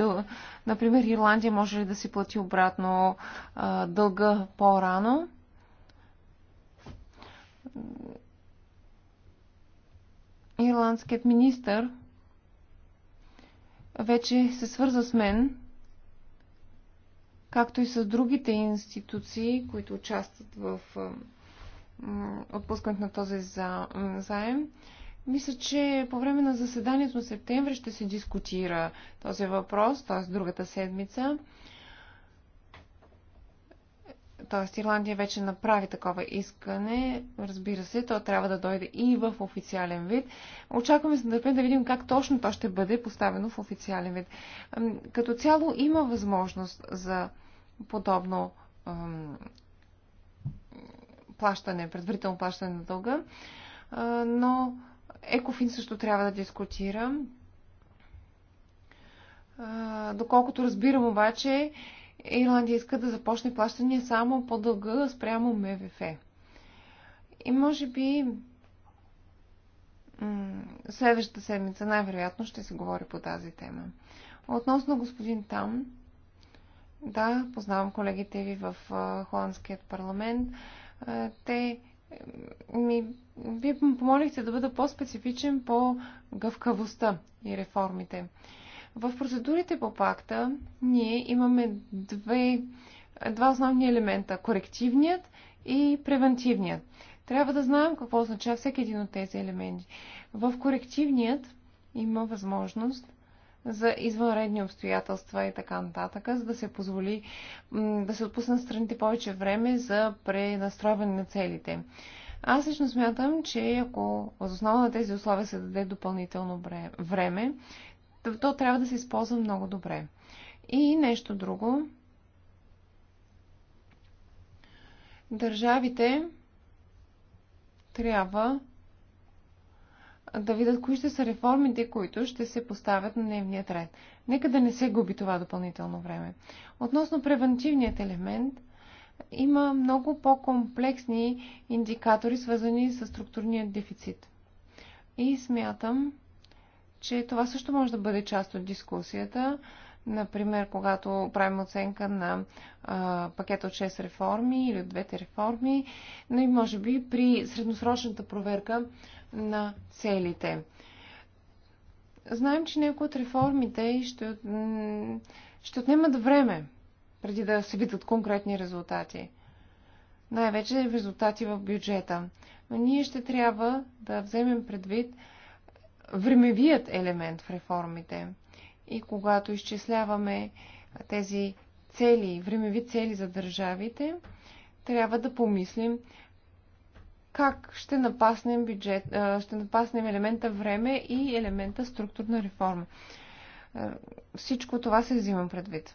Например, Ирландия може ли да си плати обратно дълга по-рано? Ирландският министр вече се свърза с мен както и с другите институции, които участват в отпускането на този заем. Мисля, че по време на заседанието на септември ще се дискутира този въпрос, т.е. другата седмица т.е. Ирландия вече направи такова искане. Разбира се, то трябва да дойде и в официален вид. Очакваме с нетърпение да видим как точно то ще бъде поставено в официален вид. Като цяло има възможност за подобно плащане, предварително плащане на дълга, но Екофин също трябва да дискутира. Доколкото разбирам обаче, Ирландия иска да започне плащане само по дълга спрямо МВФ. И може би следващата седмица най-вероятно ще се говори по тази тема. Относно господин Там, да, познавам колегите ви в Холандският парламент. Те ми, вие помолихте да бъда по-специфичен по гъвкавостта и реформите. В процедурите по пакта ние имаме две, два основни елемента корективният и превентивният. Трябва да знаем какво означава всеки един от тези елементи. В корективният има възможност за извънредни обстоятелства и така нататък, за да се позволи да се отпусне страните повече време за пренастройване на целите. Аз лично смятам, че ако възоснова на тези условия се даде допълнително време, то трябва да се използва много добре. И нещо друго. Държавите трябва да видят кои ще са реформите, които ще се поставят на дневния ред. Нека да не се губи това допълнително време. Относно превентивният елемент, има много по-комплексни индикатори, свързани с структурния дефицит. И смятам, че това също може да бъде част от дискусията. Например, когато правим оценка на а, пакет от 6 реформи или от двете реформи, но и може би при средносрочната проверка на целите. Знаем, че някои от реформите ще, ще отнемат време преди да се видят конкретни резултати. Най-вече резултати в бюджета. Но ние ще трябва да вземем предвид, времевият елемент в реформите. И когато изчисляваме тези цели, времеви цели за държавите, трябва да помислим как ще напаснем, бюджет, ще напаснем елемента време и елемента структурна реформа. Всичко това се взимам предвид.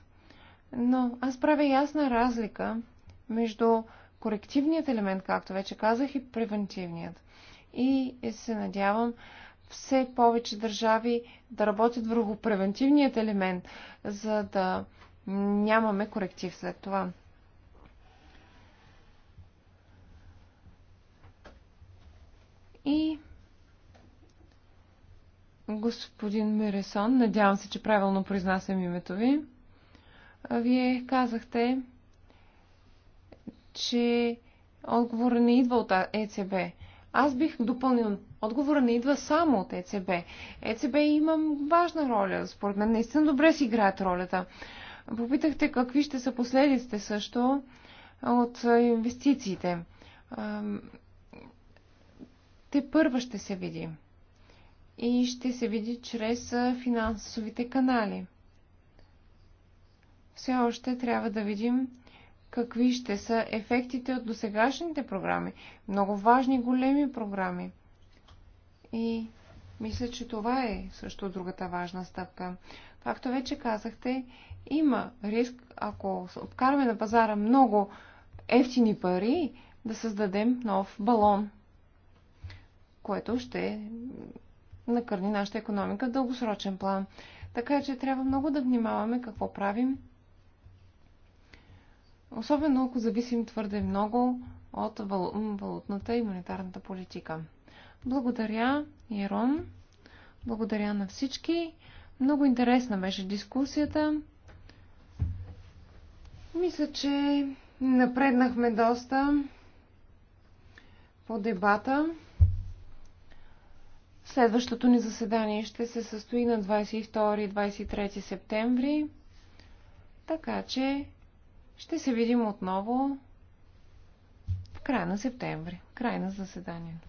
Но аз правя ясна разлика между корективният елемент, както вече казах, и превентивният. И се надявам все повече държави да работят върху превентивният елемент, за да нямаме коректив след това. И господин Мересон, надявам се, че правилно произнасям името ви. Вие казахте, че отговорът не идва от ЕЦБ. Аз бих допълнил. Отговора не идва само от ЕЦБ. ЕЦБ има важна роля. Според мен наистина добре си играят ролята. Попитахте какви ще са последиците също от инвестициите. Те първа ще се види. И ще се види чрез финансовите канали. Все още трябва да видим какви ще са ефектите от досегашните програми. Много важни, големи програми. И мисля, че това е също другата важна стъпка. Както вече казахте, има риск, ако обкараме на пазара много ефтини пари, да създадем нов балон, което ще накърни нашата економика в дългосрочен план. Така че трябва много да внимаваме какво правим особено ако зависим твърде много от валутната и монетарната политика. Благодаря, Ирон. Благодаря на всички. Много интересна беше дискусията. Мисля, че напреднахме доста по дебата. Следващото ни заседание ще се състои на 22-23 септември. Така че ще се видим отново в края на септември, край на заседанието.